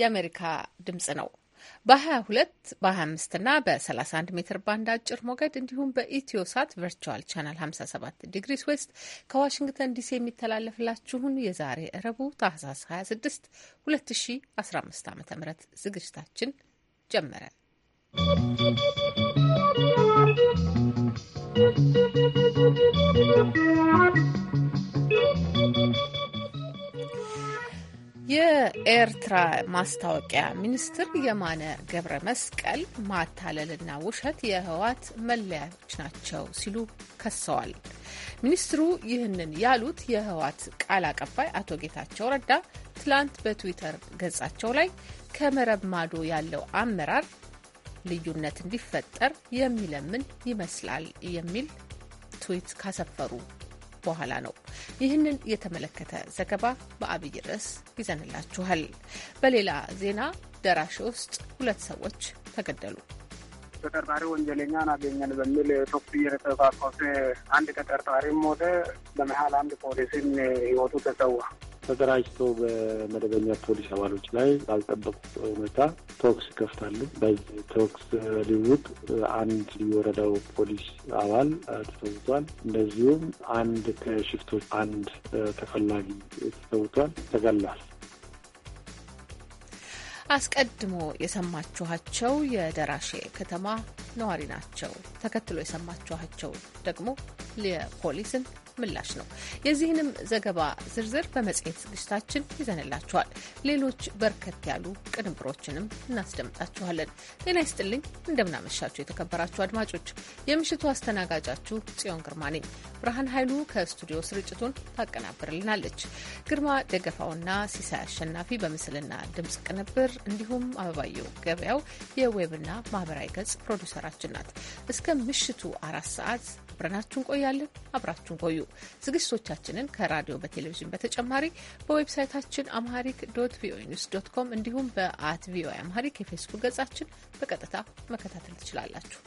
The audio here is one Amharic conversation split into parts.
የአሜሪካ ድምጽ ነው። በ22 በ25 እና በ31 ሜትር ባንድ አጭር ሞገድ እንዲሁም በኢትዮ ሳት ቨርቹዋል ቻናል 57 ዲግሪስ ዌስት ከዋሽንግተን ዲሲ የሚተላለፍላችሁን የዛሬ እረቡ ታህሳስ 26 2015 ዓ ም ዝግጅታችን ጀመረ። ¶¶ የኤርትራ ማስታወቂያ ሚኒስትር የማነ ገብረ መስቀል ማታለልና ውሸት የህወሓት መለያዎች ናቸው ሲሉ ከሰዋል። ሚኒስትሩ ይህንን ያሉት የህወሓት ቃል አቀባይ አቶ ጌታቸው ረዳ ትላንት በትዊተር ገጻቸው ላይ ከመረብ ማዶ ያለው አመራር ልዩነት እንዲፈጠር የሚለምን ይመስላል የሚል ትዊት ካሰፈሩ በኋላ ነው። ይህንን የተመለከተ ዘገባ በአብይ ርዕስ ይዘንላችኋል። በሌላ ዜና ደራሽ ውስጥ ሁለት ሰዎች ተገደሉ። ተጠርጣሪ ወንጀለኛን አገኘን በሚል ተኩስ እየተተኳኮሰ አንድ ተጠርጣሪም ሞተ። በመሀል አንድ ፖሊስን ህይወቱ ተሰዋ። ተደራጅቶ በመደበኛ ፖሊስ አባሎች ላይ ባልጠበቁት ሁኔታ ተኩስ ይከፍታሉ። በዚህ ተኩስ ልውውጥ አንድ የወረዳው ፖሊስ አባል ተሰውቷል። እንደዚሁም አንድ ከሽፍቶች አንድ ተፈላጊ ተሰውቷል፣ ተገሏል። አስቀድሞ የሰማችኋቸው የደራሼ ከተማ ነዋሪ ናቸው። ተከትሎ የሰማችኋቸው ደግሞ የፖሊስን ምላሽ ነው። የዚህንም ዘገባ ዝርዝር በመጽሔት ዝግጅታችን ይዘንላችኋል። ሌሎች በርከት ያሉ ቅንብሮችንም እናስደምጣችኋለን። ጤና ይስጥልኝ፣ እንደምናመሻችሁ የተከበራችሁ አድማጮች፣ የምሽቱ አስተናጋጃችሁ ጽዮን ግርማ ነኝ። ብርሃን ኃይሉ ከስቱዲዮ ስርጭቱን ታቀናብርልናለች። ግርማ ደገፋውና ሲሳይ አሸናፊ በምስልና ድምፅ ቅንብር እንዲሁም አበባየው ገበያው የዌብና ማህበራዊ ገጽ ፕሮዲውሰራችን ናት። እስከ ምሽቱ አራት ሰዓት አብረናችሁ እንቆያለን። አብራችሁን ቆዩ። ዝግጅቶቻችንን ከራዲዮ በቴሌቪዥን በተጨማሪ በዌብሳይታችን አምሃሪክ ዶት ቪኦኤ ኒውስ ዶት ኮም እንዲሁም በአት ቪኦኤ አምሃሪክ የፌስቡክ ገጻችን በቀጥታ መከታተል ትችላላችሁ።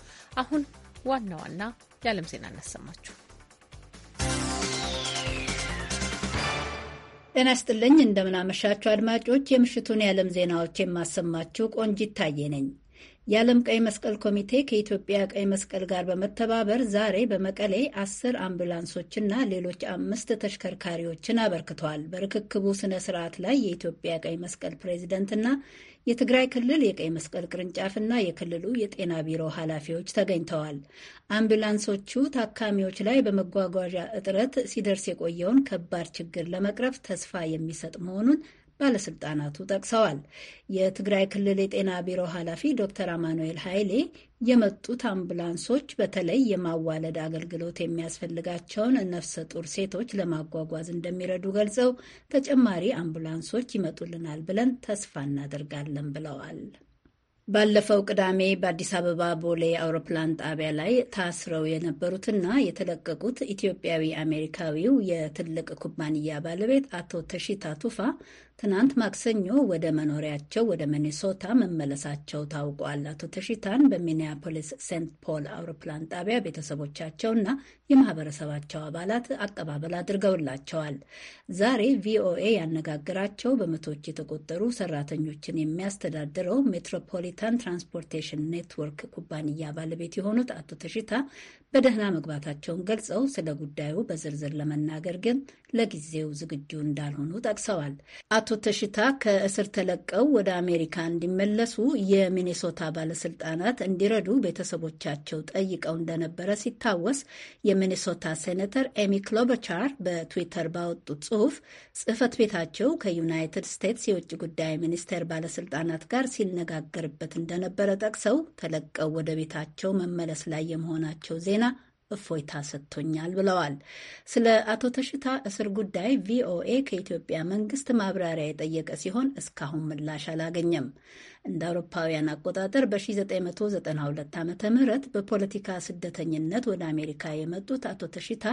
አሁን ዋና ዋና የዓለም ዜና እናሰማችሁ። ጤና ይስጥልኝ እንደምናመሻችሁ አድማጮች፣ የምሽቱን የዓለም ዜናዎች የማሰማችሁ ቆንጂት ታዬ ነኝ። የዓለም ቀይ መስቀል ኮሚቴ ከኢትዮጵያ ቀይ መስቀል ጋር በመተባበር ዛሬ በመቀሌ አስር አምቡላንሶችና ሌሎች አምስት ተሽከርካሪዎችን አበርክተዋል። በርክክቡ ስነ ስርዓት ላይ የኢትዮጵያ ቀይ መስቀል ፕሬዚደንትና የትግራይ ክልል የቀይ መስቀል ቅርንጫፍና የክልሉ የጤና ቢሮ ኃላፊዎች ተገኝተዋል። አምቡላንሶቹ ታካሚዎች ላይ በመጓጓዣ እጥረት ሲደርስ የቆየውን ከባድ ችግር ለመቅረፍ ተስፋ የሚሰጥ መሆኑን ባለስልጣናቱ ጠቅሰዋል። የትግራይ ክልል የጤና ቢሮ ኃላፊ ዶክተር አማኑኤል ኃይሌ የመጡት አምቡላንሶች በተለይ የማዋለድ አገልግሎት የሚያስፈልጋቸውን ነፍሰ ጡር ሴቶች ለማጓጓዝ እንደሚረዱ ገልጸው ተጨማሪ አምቡላንሶች ይመጡልናል ብለን ተስፋ እናደርጋለን ብለዋል። ባለፈው ቅዳሜ በአዲስ አበባ ቦሌ አውሮፕላን ጣቢያ ላይ ታስረው የነበሩትና የተለቀቁት ኢትዮጵያዊ አሜሪካዊው የትልቅ ኩባንያ ባለቤት አቶ ተሺታ ቱፋ ትናንት ማክሰኞ ወደ መኖሪያቸው ወደ ሚኒሶታ መመለሳቸው ታውቋል። አቶ ተሽታን በሚኒያፖሊስ ሴንት ፖል አውሮፕላን ጣቢያ ቤተሰቦቻቸውና የማህበረሰባቸው አባላት አቀባበል አድርገውላቸዋል። ዛሬ ቪኦኤ ያነጋግራቸው በመቶዎች የተቆጠሩ ሰራተኞችን የሚያስተዳድረው ሜትሮፖሊታን ትራንስፖርቴሽን ኔትወርክ ኩባንያ ባለቤት የሆኑት አቶ ተሽታ በደህና መግባታቸውን ገልጸው ስለ ጉዳዩ በዝርዝር ለመናገር ግን ለጊዜው ዝግጁ እንዳልሆኑ ጠቅሰዋል። አቶ ተሽታ ከእስር ተለቀው ወደ አሜሪካ እንዲመለሱ የሚኔሶታ ባለስልጣናት እንዲረዱ ቤተሰቦቻቸው ጠይቀው እንደነበረ ሲታወስ የሚኔሶታ ሴኔተር ኤሚ ክሎበቻር በትዊተር ባወጡት ጽሁፍ ጽህፈት ቤታቸው ከዩናይትድ ስቴትስ የውጭ ጉዳይ ሚኒስቴር ባለስልጣናት ጋር ሲነጋገርበት እንደነበረ ጠቅሰው ተለቀው ወደ ቤታቸው መመለስ ላይ የመሆናቸው ዜና እፎይታ ሰጥቶኛል ብለዋል። ስለ አቶ ተሽታ እስር ጉዳይ ቪኦኤ ከኢትዮጵያ መንግስት ማብራሪያ የጠየቀ ሲሆን እስካሁን ምላሽ አላገኘም። እንደ አውሮፓውያን አቆጣጠር በ1992 ዓ ም በፖለቲካ ስደተኝነት ወደ አሜሪካ የመጡት አቶ ተሽታ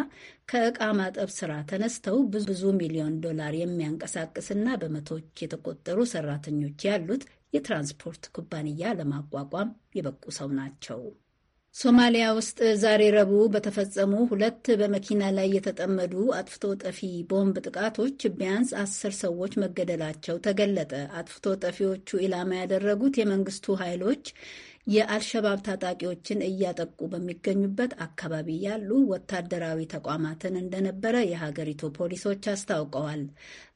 ከእቃ ማጠብ ስራ ተነስተው ብዙ ሚሊዮን ዶላር የሚያንቀሳቅስና በመቶዎች የተቆጠሩ ሰራተኞች ያሉት የትራንስፖርት ኩባንያ ለማቋቋም የበቁ ሰው ናቸው። ሶማሊያ ውስጥ ዛሬ ረቡዕ በተፈጸሙ ሁለት በመኪና ላይ የተጠመዱ አጥፍቶ ጠፊ ቦምብ ጥቃቶች ቢያንስ አስር ሰዎች መገደላቸው ተገለጠ። አጥፍቶ ጠፊዎቹ ኢላማ ያደረጉት የመንግስቱ ኃይሎች የአልሸባብ ታጣቂዎችን እያጠቁ በሚገኙበት አካባቢ ያሉ ወታደራዊ ተቋማትን እንደነበረ የሀገሪቱ ፖሊሶች አስታውቀዋል።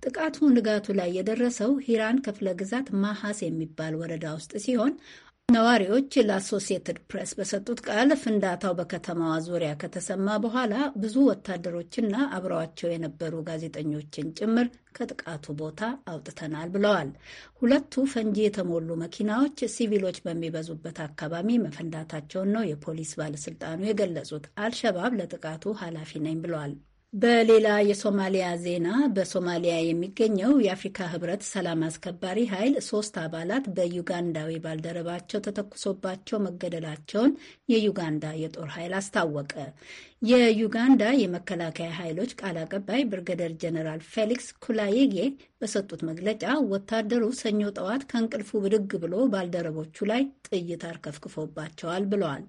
ጥቃቱ ንጋቱ ላይ የደረሰው ሂራን ክፍለ ግዛት ማሐስ የሚባል ወረዳ ውስጥ ሲሆን ነዋሪዎች ለአሶሲየትድ ፕሬስ በሰጡት ቃል ፍንዳታው በከተማዋ ዙሪያ ከተሰማ በኋላ ብዙ ወታደሮችና አብረዋቸው የነበሩ ጋዜጠኞችን ጭምር ከጥቃቱ ቦታ አውጥተናል ብለዋል። ሁለቱ ፈንጂ የተሞሉ መኪናዎች ሲቪሎች በሚበዙበት አካባቢ መፈንዳታቸውን ነው የፖሊስ ባለስልጣኑ የገለጹት። አልሸባብ ለጥቃቱ ኃላፊ ነኝ ብለዋል በሌላ የሶማሊያ ዜና በሶማሊያ የሚገኘው የአፍሪካ ህብረት ሰላም አስከባሪ ኃይል ሶስት አባላት በዩጋንዳዊ ባልደረባቸው ተተኩሶባቸው መገደላቸውን የዩጋንዳ የጦር ኃይል አስታወቀ። የዩጋንዳ የመከላከያ ኃይሎች ቃል አቀባይ ብርገደር ጀነራል ፌሊክስ ኩላይጌ በሰጡት መግለጫ ወታደሩ ሰኞ ጠዋት ከእንቅልፉ ብድግ ብሎ ባልደረቦቹ ላይ ጥይት አርከፍክፎባቸዋል ብለዋል።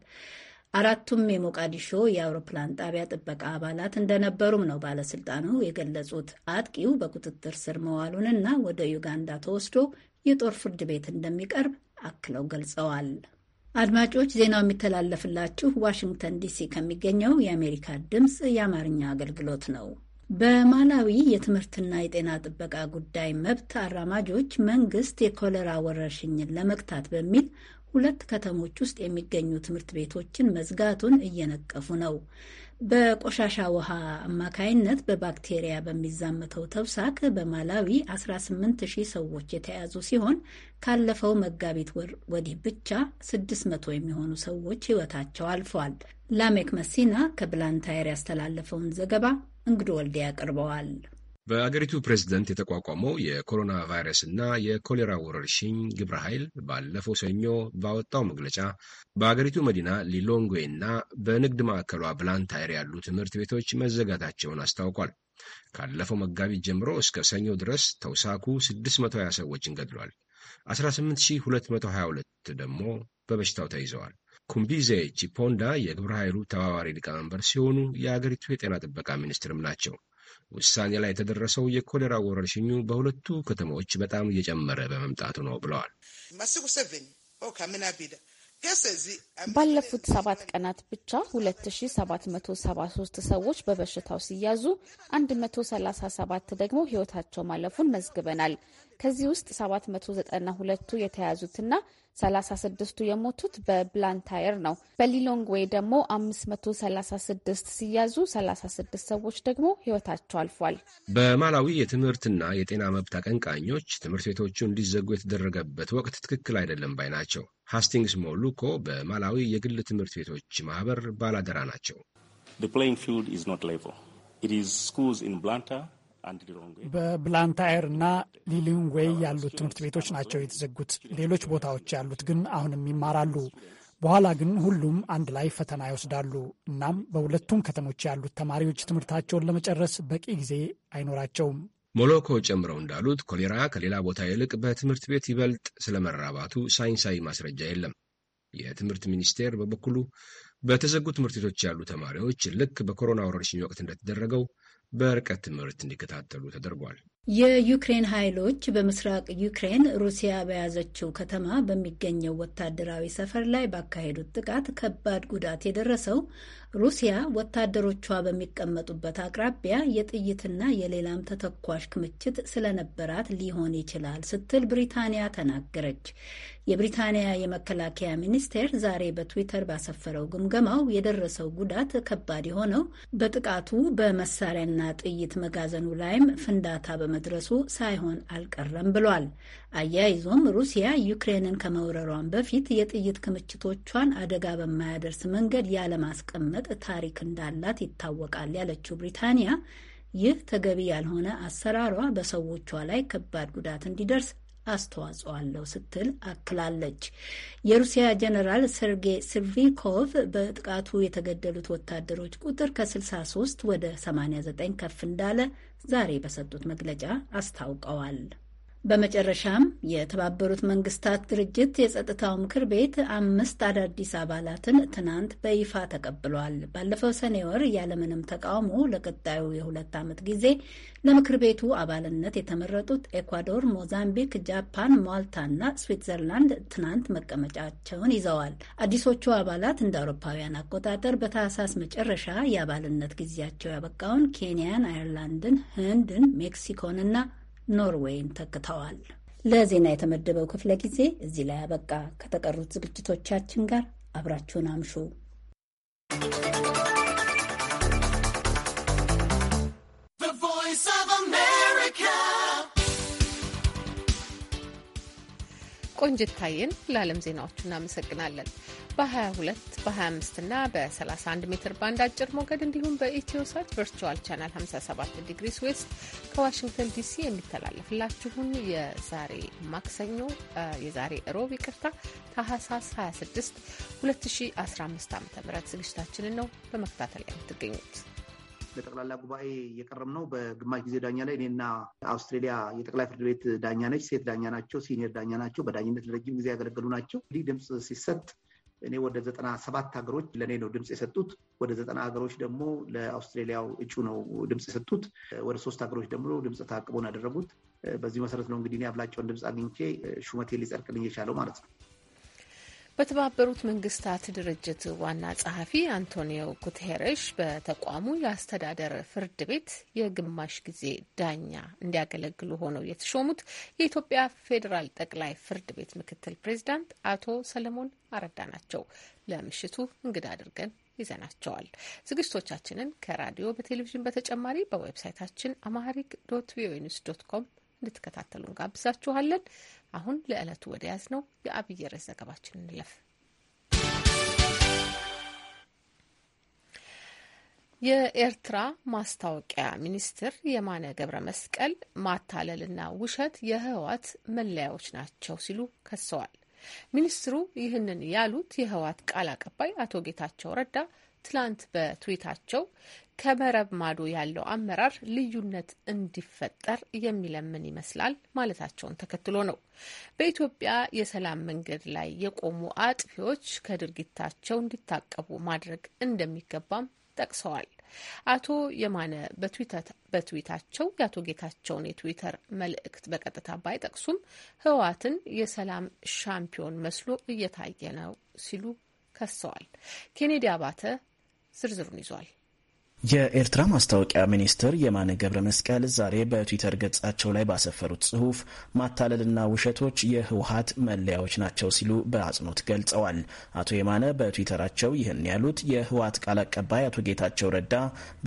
አራቱም የሞቃዲሾ የአውሮፕላን ጣቢያ ጥበቃ አባላት እንደነበሩም ነው ባለስልጣኑ የገለጹት። አጥቂው በቁጥጥር ስር መዋሉንና ወደ ዩጋንዳ ተወስዶ የጦር ፍርድ ቤት እንደሚቀርብ አክለው ገልጸዋል። አድማጮች፣ ዜናው የሚተላለፍላችሁ ዋሽንግተን ዲሲ ከሚገኘው የአሜሪካ ድምፅ የአማርኛ አገልግሎት ነው። በማላዊ የትምህርትና የጤና ጥበቃ ጉዳይ መብት አራማጆች መንግስት የኮሌራ ወረርሽኝን ለመግታት በሚል ሁለት ከተሞች ውስጥ የሚገኙ ትምህርት ቤቶችን መዝጋቱን እየነቀፉ ነው። በቆሻሻ ውሃ አማካይነት በባክቴሪያ በሚዛመተው ተውሳክ በማላዊ 18 ሺህ ሰዎች የተያዙ ሲሆን ካለፈው መጋቢት ወር ወዲህ ብቻ 600 የሚሆኑ ሰዎች ሕይወታቸው አልፏል። ላሜክ መሲና ከብላንታየር ያስተላለፈውን ዘገባ እንግዶ ወልዴ ያቀርበዋል። በአገሪቱ ፕሬዝደንት የተቋቋመው የኮሮና ቫይረስ እና የኮሌራ ወረርሽኝ ግብረ ኃይል ባለፈው ሰኞ ባወጣው መግለጫ በአገሪቱ መዲና ሊሎንግዌ እና በንግድ ማዕከሏ ብላንታይር ያሉ ትምህርት ቤቶች መዘጋታቸውን አስታውቋል። ካለፈው መጋቢት ጀምሮ እስከ ሰኞ ድረስ ተውሳኩ 620 ሰዎችን ገድሏል። 18222 ደግሞ በበሽታው ተይዘዋል። ኩምቢዜ ቺፖንዳ የግብረ ኃይሉ ተባባሪ ሊቀመንበር ሲሆኑ የአገሪቱ የጤና ጥበቃ ሚኒስትርም ናቸው። ውሳኔ ላይ የተደረሰው የኮሌራ ወረርሽኙ በሁለቱ ከተሞች በጣም እየጨመረ በመምጣቱ ነው ብለዋል። ባለፉት ሰባት ቀናት ብቻ 2773 ሰዎች በበሽታው ሲያዙ 137 ደግሞ ሕይወታቸው ማለፉን መዝግበናል። ከዚህ ውስጥ 792ቱ የተያዙትና 36ቱ የሞቱት በብላንታየር ነው። በሊሎንግዌ ደግሞ 536 ሲያዙ 36 ሰዎች ደግሞ ህይወታቸው አልፏል። በማላዊ የትምህርትና የጤና መብት አቀንቃኞች ትምህርት ቤቶቹ እንዲዘጉ የተደረገበት ወቅት ትክክል አይደለም ባይ ናቸው። ሃስቲንግስ ሞሉኮ በማላዊ የግል ትምህርት ቤቶች ማህበር ባላደራ ናቸው። በብላንታየር እና ሊሊንዌይ ያሉት ትምህርት ቤቶች ናቸው የተዘጉት። ሌሎች ቦታዎች ያሉት ግን አሁንም ይማራሉ። በኋላ ግን ሁሉም አንድ ላይ ፈተና ይወስዳሉ። እናም በሁለቱም ከተሞች ያሉት ተማሪዎች ትምህርታቸውን ለመጨረስ በቂ ጊዜ አይኖራቸውም። ሞሎኮ ጨምረው እንዳሉት ኮሌራ ከሌላ ቦታ ይልቅ በትምህርት ቤት ይበልጥ ስለመራባቱ ሳይንሳዊ ማስረጃ የለም። የትምህርት ሚኒስቴር በበኩሉ በተዘጉ ትምህርት ቤቶች ያሉ ተማሪዎች ልክ በኮሮና ወረርሽኝ ወቅት እንደተደረገው በርቀት ትምህርት እንዲከታተሉ ተደርጓል። የዩክሬን ኃይሎች በምስራቅ ዩክሬን ሩሲያ በያዘችው ከተማ በሚገኘው ወታደራዊ ሰፈር ላይ ባካሄዱት ጥቃት ከባድ ጉዳት የደረሰው ሩሲያ ወታደሮቿ በሚቀመጡበት አቅራቢያ የጥይትና የሌላም ተተኳሽ ክምችት ስለነበራት ሊሆን ይችላል ስትል ብሪታንያ ተናገረች። የብሪታንያ የመከላከያ ሚኒስቴር ዛሬ በትዊተር ባሰፈረው ግምገማው የደረሰው ጉዳት ከባድ የሆነው በጥቃቱ በመሳሪያና ጥይት መጋዘኑ ላይም ፍንዳታ በመድረሱ ሳይሆን አልቀረም ብሏል። አያይዞም ሩሲያ ዩክሬንን ከመውረሯን በፊት የጥይት ክምችቶቿን አደጋ በማያደርስ መንገድ ያለማስቀመጥ የመለወጥ ታሪክ እንዳላት ይታወቃል ያለችው ብሪታንያ ይህ ተገቢ ያልሆነ አሰራሯ በሰዎቿ ላይ ከባድ ጉዳት እንዲደርስ አስተዋጽኦ አለው ስትል አክላለች። የሩሲያ ጀነራል ሰርጌ ስርቪኮቭ በጥቃቱ የተገደሉት ወታደሮች ቁጥር ከ63 ወደ 89 ከፍ እንዳለ ዛሬ በሰጡት መግለጫ አስታውቀዋል። በመጨረሻም የተባበሩት መንግስታት ድርጅት የጸጥታው ምክር ቤት አምስት አዳዲስ አባላትን ትናንት በይፋ ተቀብሏል። ባለፈው ሰኔ ወር ያለምንም ተቃውሞ ለቀጣዩ የሁለት ዓመት ጊዜ ለምክር ቤቱ አባልነት የተመረጡት ኤኳዶር፣ ሞዛምቢክ፣ ጃፓን፣ ማልታ እና ስዊትዘርላንድ ትናንት መቀመጫቸውን ይዘዋል። አዲሶቹ አባላት እንደ አውሮፓውያን አቆጣጠር በታህሳስ መጨረሻ የአባልነት ጊዜያቸው ያበቃውን ኬንያን፣ አየርላንድን፣ ህንድን፣ ሜክሲኮንና ኖርዌይን ተክተዋል። ለዜና የተመደበው ክፍለ ጊዜ እዚህ ላይ አበቃ። ከተቀሩት ዝግጅቶቻችን ጋር አብራችሁን አምሹ። ቆንጅታየን ለዓለም ዜናዎቹ እናመሰግናለን። በ22 በ25 እና በ31 ሜትር ባንድ አጭር ሞገድ እንዲሁም በኢትዮሳት ቨርቹዋል ቻናል 57 ዲግሪ ስዌስት ከዋሽንግተን ዲሲ የሚተላለፍላችሁን የዛሬ ማክሰኞ የዛሬ እሮብ ይቅርታ ታህሳስ 26 2015 ዓ ም ዝግጅታችንን ነው በመከታተል የምትገኙት። ለጠቅላላ ጉባኤ የቀረም ነው። በግማሽ ጊዜ ዳኛ ላይ እኔና አውስትሬሊያ የጠቅላይ ፍርድ ቤት ዳኛ ነች። ሴት ዳኛ ናቸው። ሲኒየር ዳኛ ናቸው። በዳኝነት ለረጅም ጊዜ ያገለገሉ ናቸው። እንዲህ ድምፅ ሲሰጥ እኔ ወደ ዘጠና ሰባት ሀገሮች ለእኔ ነው ድምፅ የሰጡት። ወደ ዘጠና ሀገሮች ደግሞ ለአውስትሬሊያው እጩ ነው ድምፅ የሰጡት። ወደ ሶስት ሀገሮች ደግሞ ድምፅ ታቅቦን ያደረጉት። በዚህ መሰረት ነው እንግዲህ እኔ አብላጫውን ድምፅ አግኝቼ ሹመቴ ሊጸድቅልኝ የቻለው ማለት ነው። በተባበሩት መንግስታት ድርጅት ዋና ጸሐፊ አንቶኒዮ ጉቴሬሽ በተቋሙ የአስተዳደር ፍርድ ቤት የግማሽ ጊዜ ዳኛ እንዲያገለግሉ ሆነው የተሾሙት የኢትዮጵያ ፌዴራል ጠቅላይ ፍርድ ቤት ምክትል ፕሬዚዳንት አቶ ሰለሞን አረዳ ናቸው። ለምሽቱ እንግዳ አድርገን ይዘናቸዋል። ዝግጅቶቻችንን ከራዲዮ በቴሌቪዥን በተጨማሪ በዌብሳይታችን አማሪክ ዶት ቪኦኤ ኒውስ ዶት ኮም እንድትከታተሉ እንጋብዛችኋለን። አሁን ለዕለቱ ወደ ያዝ ነው የአብይ ርዕስ ዘገባችን እንለፍ። የኤርትራ ማስታወቂያ ሚኒስትር የማነ ገብረ መስቀል ማታለልና ውሸት የህወሓት መለያዎች ናቸው ሲሉ ከሰዋል። ሚኒስትሩ ይህንን ያሉት የህወሓት ቃል አቀባይ አቶ ጌታቸው ረዳ ትላንት በትዊታቸው ከመረብ ማዶ ያለው አመራር ልዩነት እንዲፈጠር የሚለምን ይመስላል ማለታቸውን ተከትሎ ነው። በኢትዮጵያ የሰላም መንገድ ላይ የቆሙ አጥፊዎች ከድርጊታቸው እንዲታቀቡ ማድረግ እንደሚገባም ጠቅሰዋል። አቶ የማነ በትዊታቸው የአቶ ጌታቸውን የትዊተር መልእክት በቀጥታ ባይጠቅሱም ህወሓትን የሰላም ሻምፒዮን መስሎ እየታየ ነው ሲሉ ከሰዋል። ኬኔዲ አባተ ዝርዝሩን ይዟል። የኤርትራ ማስታወቂያ ሚኒስትር የማነ ገብረ መስቀል ዛሬ በትዊተር ገጻቸው ላይ ባሰፈሩት ጽሁፍ ማታለልና ውሸቶች የህወሀት መለያዎች ናቸው ሲሉ በአጽንኦት ገልጸዋል። አቶ የማነ በትዊተራቸው ይህን ያሉት የህወሀት ቃል አቀባይ አቶ ጌታቸው ረዳ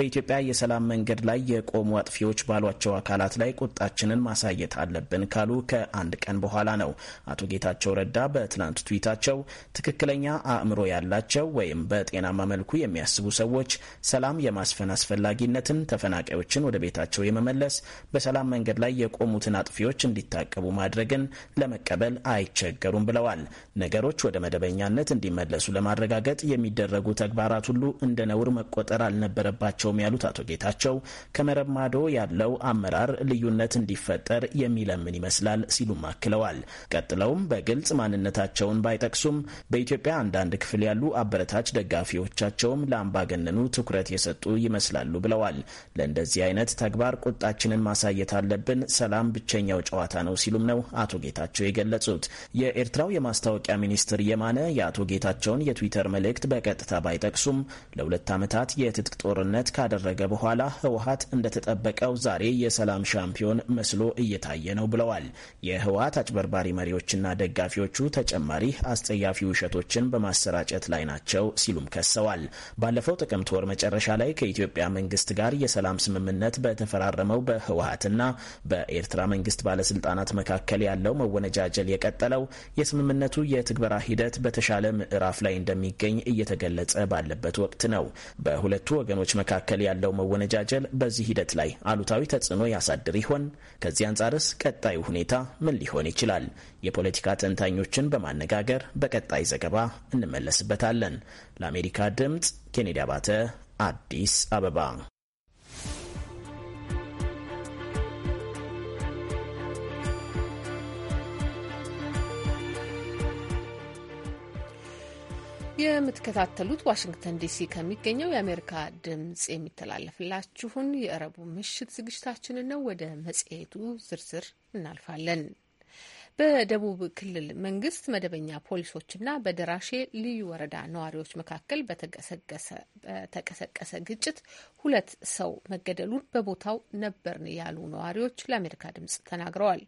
በኢትዮጵያ የሰላም መንገድ ላይ የቆሙ አጥፊዎች ባሏቸው አካላት ላይ ቁጣችንን ማሳየት አለብን ካሉ ከአንድ ቀን በኋላ ነው። አቶ ጌታቸው ረዳ በትናንት ትዊታቸው ትክክለኛ አእምሮ ያላቸው ወይም በጤናማ መልኩ የሚያስቡ ሰዎች ሰላም የማ የማስፈን አስፈላጊነትን፣ ተፈናቃዮችን ወደ ቤታቸው የመመለስ በሰላም መንገድ ላይ የቆሙትን አጥፊዎች እንዲታቀቡ ማድረግን ለመቀበል አይቸገሩም ብለዋል። ነገሮች ወደ መደበኛነት እንዲመለሱ ለማረጋገጥ የሚደረጉ ተግባራት ሁሉ እንደ ነውር መቆጠር አልነበረባቸውም ያሉት አቶ ጌታቸው ከመረብ ማዶ ያለው አመራር ልዩነት እንዲፈጠር የሚለምን ይመስላል ሲሉም አክለዋል። ቀጥለውም በግልጽ ማንነታቸውን ባይጠቅሱም በኢትዮጵያ አንዳንድ ክፍል ያሉ አበረታች ደጋፊዎቻቸውም ለአምባገነኑ ትኩረት የሰጡ ይመስላሉ ብለዋል። ለእንደዚህ አይነት ተግባር ቁጣችንን ማሳየት አለብን። ሰላም ብቸኛው ጨዋታ ነው ሲሉም ነው አቶ ጌታቸው የገለጹት። የኤርትራው የማስታወቂያ ሚኒስትር የማነ የአቶ ጌታቸውን የትዊተር መልእክት በቀጥታ ባይጠቅሱም ለሁለት ዓመታት የትጥቅ ጦርነት ካደረገ በኋላ ህወሀት እንደተጠበቀው ዛሬ የሰላም ሻምፒዮን መስሎ እየታየ ነው ብለዋል። የህወሀት አጭበርባሪ መሪዎችና ደጋፊዎቹ ተጨማሪ አስጸያፊ ውሸቶችን በማሰራጨት ላይ ናቸው ሲሉም ከሰዋል። ባለፈው ጥቅምት ወር መጨረሻ ላይ ከኢትዮጵያ መንግስት ጋር የሰላም ስምምነት በተፈራረመው በህወሀትና በኤርትራ መንግስት ባለስልጣናት መካከል ያለው መወነጃጀል የቀጠለው የስምምነቱ የትግበራ ሂደት በተሻለ ምዕራፍ ላይ እንደሚገኝ እየተገለጸ ባለበት ወቅት ነው። በሁለቱ ወገኖች መካከል ያለው መወነጃጀል በዚህ ሂደት ላይ አሉታዊ ተጽዕኖ ያሳድር ይሆን? ከዚህ አንጻርስ ቀጣዩ ሁኔታ ምን ሊሆን ይችላል? የፖለቲካ ተንታኞችን በማነጋገር በቀጣይ ዘገባ እንመለስበታለን። ለአሜሪካ ድምፅ ኬኔዲ አባተ አዲስ አበባ። የምትከታተሉት ዋሽንግተን ዲሲ ከሚገኘው የአሜሪካ ድምጽ የሚተላለፍላችሁን የእረቡ ምሽት ዝግጅታችንን ነው። ወደ መጽሔቱ ዝርዝር እናልፋለን። በደቡብ ክልል መንግስት መደበኛ ፖሊሶችና በደራሼ ልዩ ወረዳ ነዋሪዎች መካከል በተቀሰቀሰ ግጭት ሁለት ሰው መገደሉን በቦታው ነበርን ያሉ ነዋሪዎች ለአሜሪካ ድምጽ ተናግረዋል።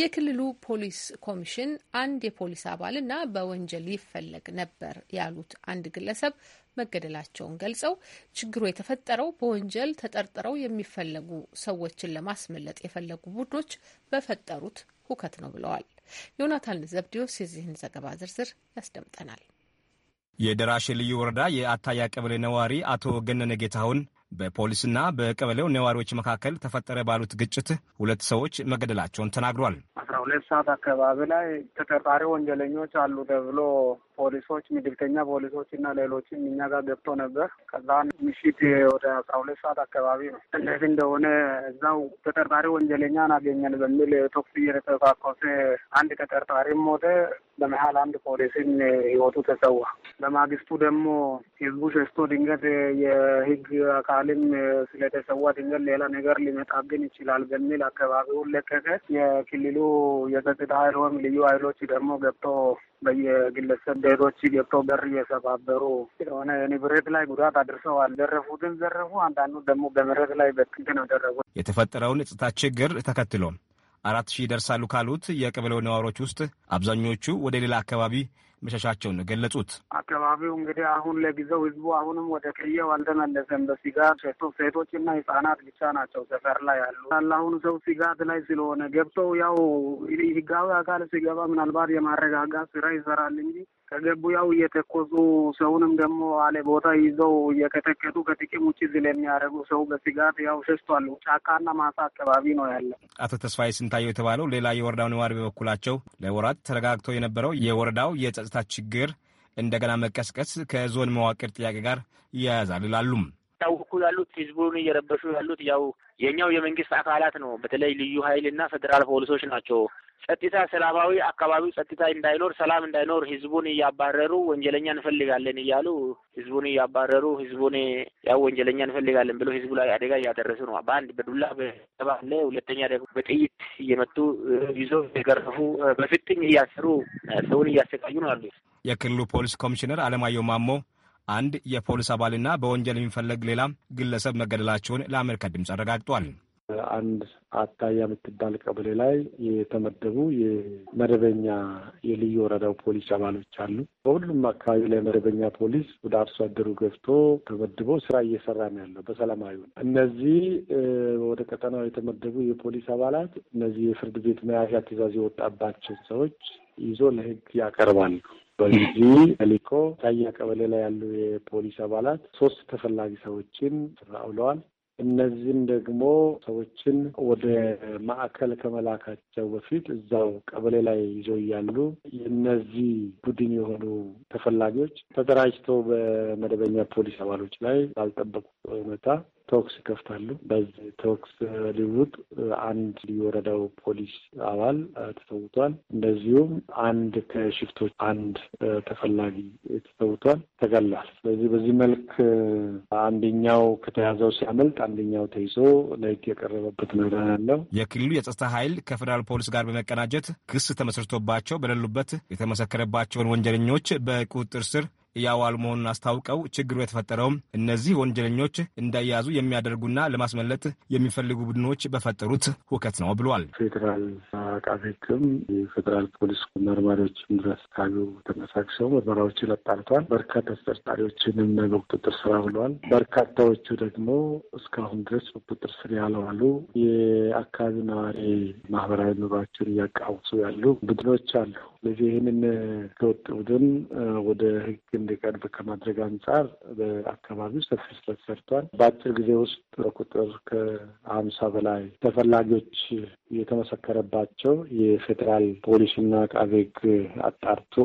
የክልሉ ፖሊስ ኮሚሽን አንድ የፖሊስ አባልና በወንጀል ይፈለግ ነበር ያሉት አንድ ግለሰብ መገደላቸውን ገልጸው ችግሩ የተፈጠረው በወንጀል ተጠርጥረው የሚፈለጉ ሰዎችን ለማስመለጥ የፈለጉ ቡድኖች በፈጠሩት ሁከት ነው ብለዋል። ዮናታን ዘብዲዮስ የዚህን ዘገባ ዝርዝር ያስደምጠናል። የደራሼ ልዩ ወረዳ የአታያ ቀበሌ ነዋሪ አቶ ገነነ ጌታሁን በፖሊስና በቀበሌው ነዋሪዎች መካከል ተፈጠረ ባሉት ግጭት ሁለት ሰዎች መገደላቸውን ተናግሯል። አስራ ሁለት ሰዓት አካባቢ ላይ ተጠርጣሪ ወንጀለኞች አሉ ተብሎ ፖሊሶች፣ ምድብተኛ ፖሊሶች እና ሌሎችም እኛ ጋር ገብቶ ነበር። ከዛን ምሽት ወደ አስራ ሁለት ሰዓት አካባቢ ነው እንደዚህ እንደሆነ እዛው ተጠርጣሪ ወንጀለኛን አገኘን በሚል ተኩስ እየተተኳኮሰ አንድ ተጠርጣሪም ሞተ። በመሀል አንድ ፖሊስን ህይወቱ ተሰዋ። በማግስቱ ደግሞ ህዝቡ ሸሽቶ ድንገት የህግ አካልም ስለተሰዋ ድንገት ሌላ ነገር ሊመጣብን ይችላል በሚል አካባቢውን ለቀቀ። የክልሉ የጸጥታ ኃይል ወይም ልዩ ኃይሎች ደግሞ ገብቶ በየግለሰብ ቤቶች ገብተው በር እየሰባበሩ ስለሆነ ንብረት ላይ ጉዳት አድርሰዋል። ዘረፉትን ዘረፉ። አንዳንዱ ደግሞ በመሬት ላይ በትንት ነው ደረጉ። የተፈጠረውን የጸጥታ ችግር ተከትሎ አራት ሺህ ይደርሳሉ ካሉት የቀበሌው ነዋሪዎች ውስጥ አብዛኞቹ ወደ ሌላ አካባቢ መሸሻቸውን ገለጹት አካባቢው እንግዲህ አሁን ለጊዜው ህዝቡ አሁንም ወደ ከየው አልተመለሰም። ሴቶች ሴቶችና ህጻናት ብቻ ናቸው ሰፈር ላይ ያሉ። አሁኑ ሰው ስጋት ላይ ስለሆነ ገብተው ያው ህጋዊ አካል ሲገባ ምናልባት የማረጋጋት ስራ ይሰራል እንጂ ከገቡ ያው እየተኮሱ ሰውንም ደግሞ አለ ቦታ ይዘው እየከተከቱ ከጥቅም ውጭ ስለሚያደርጉ ሰው በስጋት ያው ሸሽቷል። ጫካና ማሳ አካባቢ ነው ያለ አቶ ተስፋዬ ስንታየው የተባለው ሌላ የወረዳው ነዋሪ በበኩላቸው ለወራት ተረጋግቶ የነበረው የወረዳው የጸጥታ ችግር እንደገና መቀስቀስ ከዞን መዋቅር ጥያቄ ጋር ይያያዛል ይላሉም። ታውኩ ያሉት ህዝቡን እየረበሹ ያሉት ያው የኛው የመንግስት አካላት ነው። በተለይ ልዩ ኃይልና እና ፌዴራል ፖሊሶች ናቸው ጸጥታ ሰላማዊ አካባቢው ጸጥታ እንዳይኖር ሰላም እንዳይኖር ህዝቡን እያባረሩ ወንጀለኛ እንፈልጋለን እያሉ ህዝቡን እያባረሩ ህዝቡን ያው ወንጀለኛ እንፈልጋለን ብሎ ህዝቡ ላይ አደጋ እያደረሱ ነው። በአንድ በዱላ በተባለ ሁለተኛ ደግሞ በጥይት እየመቱ ይዞ የገረፉ በፍጥኝ እያሰሩ ሰውን እያሰቃዩ ነው አሉ። የክልሉ ፖሊስ ኮሚሽነር አለማየሁ ማሞ አንድ የፖሊስ አባልና በወንጀል የሚፈለግ ሌላ ግለሰብ መገደላቸውን ለአሜሪካ ድምፅ አረጋግጧል። አንድ አታያ የምትባል ቀበሌ ላይ የተመደቡ የመደበኛ የልዩ ወረዳው ፖሊስ አባሎች አሉ። በሁሉም አካባቢ ላይ መደበኛ ፖሊስ ወደ አርሶ አደሩ ገብቶ ተመድቦ ስራ እየሰራ ነው ያለው በሰላማዊ እነዚህ ወደ ቀጠናው የተመደቡ የፖሊስ አባላት እነዚህ የፍርድ ቤት መያዣ ትዕዛዝ የወጣባቸው ሰዎች ይዞ ለህግ ያቀርባሉ። በዚህ ተልእኮ ታያ ቀበሌ ላይ ያሉ የፖሊስ አባላት ሶስት ተፈላጊ ሰዎችን ስራ ውለዋል። እነዚህም ደግሞ ሰዎችን ወደ ማዕከል ከመላካቸው በፊት እዛው ቀበሌ ላይ ይዘው እያሉ የእነዚህ ቡድን የሆኑ ተፈላጊዎች ተደራጅተው በመደበኛ ፖሊስ አባሎች ላይ ባልጠበቁት ሁኔታ ተኩስ ይከፍታሉ። በዚህ ተኩስ ልውውጥ አንድ የወረዳው ፖሊስ አባል ተሰውቷል። እንደዚሁም አንድ ከሽፍቶች አንድ ተፈላጊ ተሰውቷል፣ ተገሏል። ስለዚህ በዚህ መልክ አንደኛው ከተያዘው ሲያመልጥ፣ አንደኛው ተይዞ ለህግ የቀረበበት ነገር ያለው የክልሉ የጸጥታ ኃይል ከፌዴራል ፖሊስ ጋር በመቀናጀት ክስ ተመስርቶባቸው በሌሉበት የተመሰከረባቸውን ወንጀለኞች በቁጥጥር ስር እያዋሉ መሆኑን አስታውቀው ችግሩ የተፈጠረውም እነዚህ ወንጀለኞች እንዳያዙ የሚያደርጉና ለማስመለጥ የሚፈልጉ ቡድኖች በፈጠሩት ሁከት ነው ብሏል። ፌዴራል አቃቤ ሕግም የፌዴራል ፖሊስ መርማሪዎችም ድረስ ካሉ ተንቀሳቅሰው ምርመራዎችን አጣርቷል። በርካታ ተጠርጣሪዎችንም በቁጥጥር ስር ውለዋል። በርካታዎቹ ደግሞ እስካሁን ድረስ በቁጥጥር ስር ያለዋሉ የአካባቢ ነዋሪ ማህበራዊ ኑሯቸውን እያቃውሱ ያሉ ቡድኖች አሉ። ስለዚህ ይህንን ከወጥ ቡድን ወደ ህግ እንዲቀርብ ከማድረግ አንጻር በአካባቢው ሰፊ ስረት ሰርቷል። በአጭር ጊዜ ውስጥ በቁጥር ከአምሳ በላይ ተፈላጊዎች የተመሰከረባቸው የፌዴራል ፖሊስና አቃቤ ሕግ አጣርቶ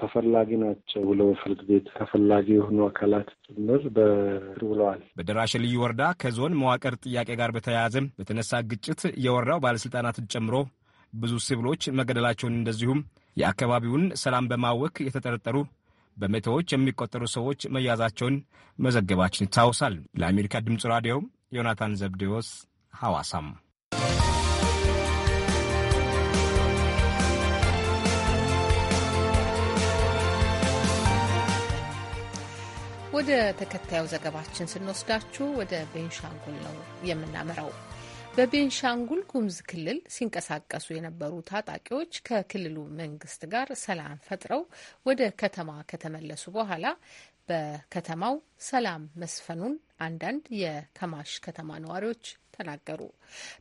ተፈላጊ ናቸው ብለው ፍርድ ቤት ተፈላጊ የሆኑ አካላት ጭምር በእስር ውለዋል። በደራሽ ልዩ ወረዳ ከዞን መዋቅር ጥያቄ ጋር በተያያዘ በተነሳ ግጭት የወረዳው ባለስልጣናትን ጨምሮ ብዙ ሲቪሎች መገደላቸውን እንደዚሁም የአካባቢውን ሰላም በማወክ የተጠረጠሩ በመቶዎች የሚቆጠሩ ሰዎች መያዛቸውን መዘገባችን ይታወሳል። ለአሜሪካ ድምፅ ራዲዮ ዮናታን ዘብዴዎስ ሐዋሳም ወደ ተከታዩ ዘገባችን ስንወስዳችሁ ወደ ቤንሻንጉል ነው የምናመራው። በቤንሻንጉል ጉሙዝ ክልል ሲንቀሳቀሱ የነበሩ ታጣቂዎች ከክልሉ መንግስት ጋር ሰላም ፈጥረው ወደ ከተማ ከተመለሱ በኋላ በከተማው ሰላም መስፈኑን አንዳንድ የከማሽ ከተማ ነዋሪዎች ተናገሩ።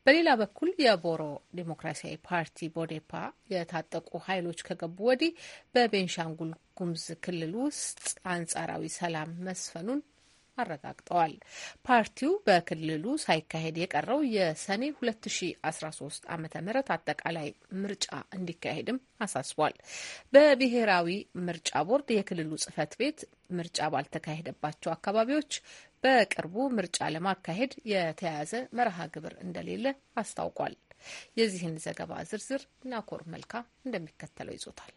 በሌላ በኩል የቦሮ ዴሞክራሲያዊ ፓርቲ ቦዴፓ የታጠቁ ኃይሎች ከገቡ ወዲህ በቤንሻንጉል ጉሙዝ ክልል ውስጥ አንጻራዊ ሰላም መስፈኑን አረጋግጠዋል። ፓርቲው በክልሉ ሳይካሄድ የቀረው የሰኔ 2013 ዓ ም አጠቃላይ ምርጫ እንዲካሄድም አሳስቧል። በብሔራዊ ምርጫ ቦርድ የክልሉ ጽህፈት ቤት ምርጫ ባልተካሄደባቸው አካባቢዎች በቅርቡ ምርጫ ለማካሄድ የተያያዘ መርሃ ግብር እንደሌለ አስታውቋል። የዚህን ዘገባ ዝርዝር ናኮር መልካ እንደሚከተለው ይዞታል።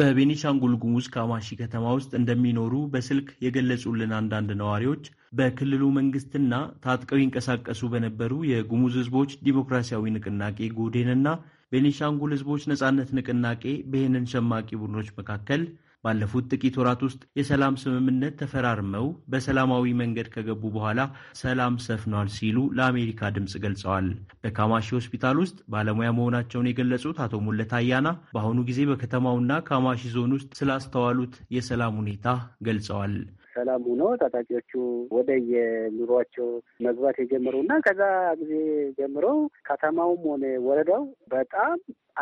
በቤኒሻንጉል ጉሙዝ ካማሺ ከተማ ውስጥ እንደሚኖሩ በስልክ የገለጹልን አንዳንድ ነዋሪዎች በክልሉ መንግስትና ታጥቀው ይንቀሳቀሱ በነበሩ የጉሙዝ ህዝቦች ዲሞክራሲያዊ ንቅናቄ ጉዴንና ቤኒሻንጉል ህዝቦች ነጻነት ንቅናቄ ብሔንን ሸማቂ ቡድኖች መካከል ባለፉት ጥቂት ወራት ውስጥ የሰላም ስምምነት ተፈራርመው በሰላማዊ መንገድ ከገቡ በኋላ ሰላም ሰፍኗል ሲሉ ለአሜሪካ ድምፅ ገልጸዋል። በካማሺ ሆስፒታል ውስጥ ባለሙያ መሆናቸውን የገለጹት አቶ ሙለት አያና በአሁኑ ጊዜ በከተማውና ካማሺ ዞን ውስጥ ስላስተዋሉት የሰላም ሁኔታ ገልጸዋል። ሰላም ሆኖ ታጣቂዎቹ ወደ የኑሯቸው መግባት የጀመሩ እና ከዛ ጊዜ ጀምረው ከተማውም ሆነ ወረዳው በጣም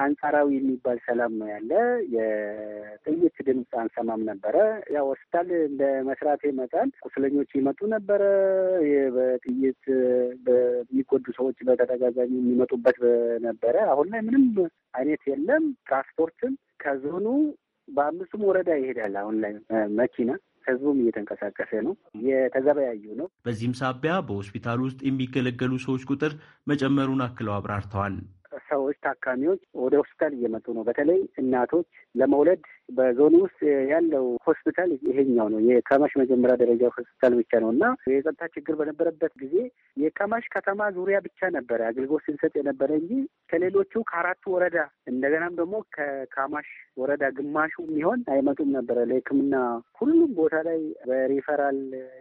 አንጻራዊ የሚባል ሰላም ነው ያለ። የጥይት ድምፅ አንሰማም ነበረ። ያው ሆስፒታል እንደ መጣል ይመጣል። ቁስለኞች ይመጡ ነበረ። በጥይት በሚጎዱ ሰዎች በተደጋጋሚ የሚመጡበት ነበረ። አሁን ላይ ምንም አይነት የለም። ትራንስፖርትም ከዞኑ በአምስቱም ወረዳ ይሄዳል። አሁን ላይ መኪና ህዝቡም እየተንቀሳቀሰ ነው፣ እየተገበያዩ ነው። በዚህም ሳቢያ በሆስፒታል ውስጥ የሚገለገሉ ሰዎች ቁጥር መጨመሩን አክለው አብራርተዋል። ሰዎች ታካሚዎች ወደ ሆስፒታል እየመጡ ነው። በተለይ እናቶች ለመውለድ በዞኑ ውስጥ ያለው ሆስፒታል ይሄኛው ነው፣ የከማሽ መጀመሪያ ደረጃ ሆስፒታል ብቻ ነው እና የጸጥታ ችግር በነበረበት ጊዜ የከማሽ ከተማ ዙሪያ ብቻ ነበረ አገልግሎት ስንሰጥ የነበረ እንጂ ከሌሎቹ ከአራቱ ወረዳ እንደገናም ደግሞ ከካማሽ ወረዳ ግማሹ የሚሆን አይመጡም ነበረ ለሕክምና ሁሉም ቦታ ላይ በሪፈራል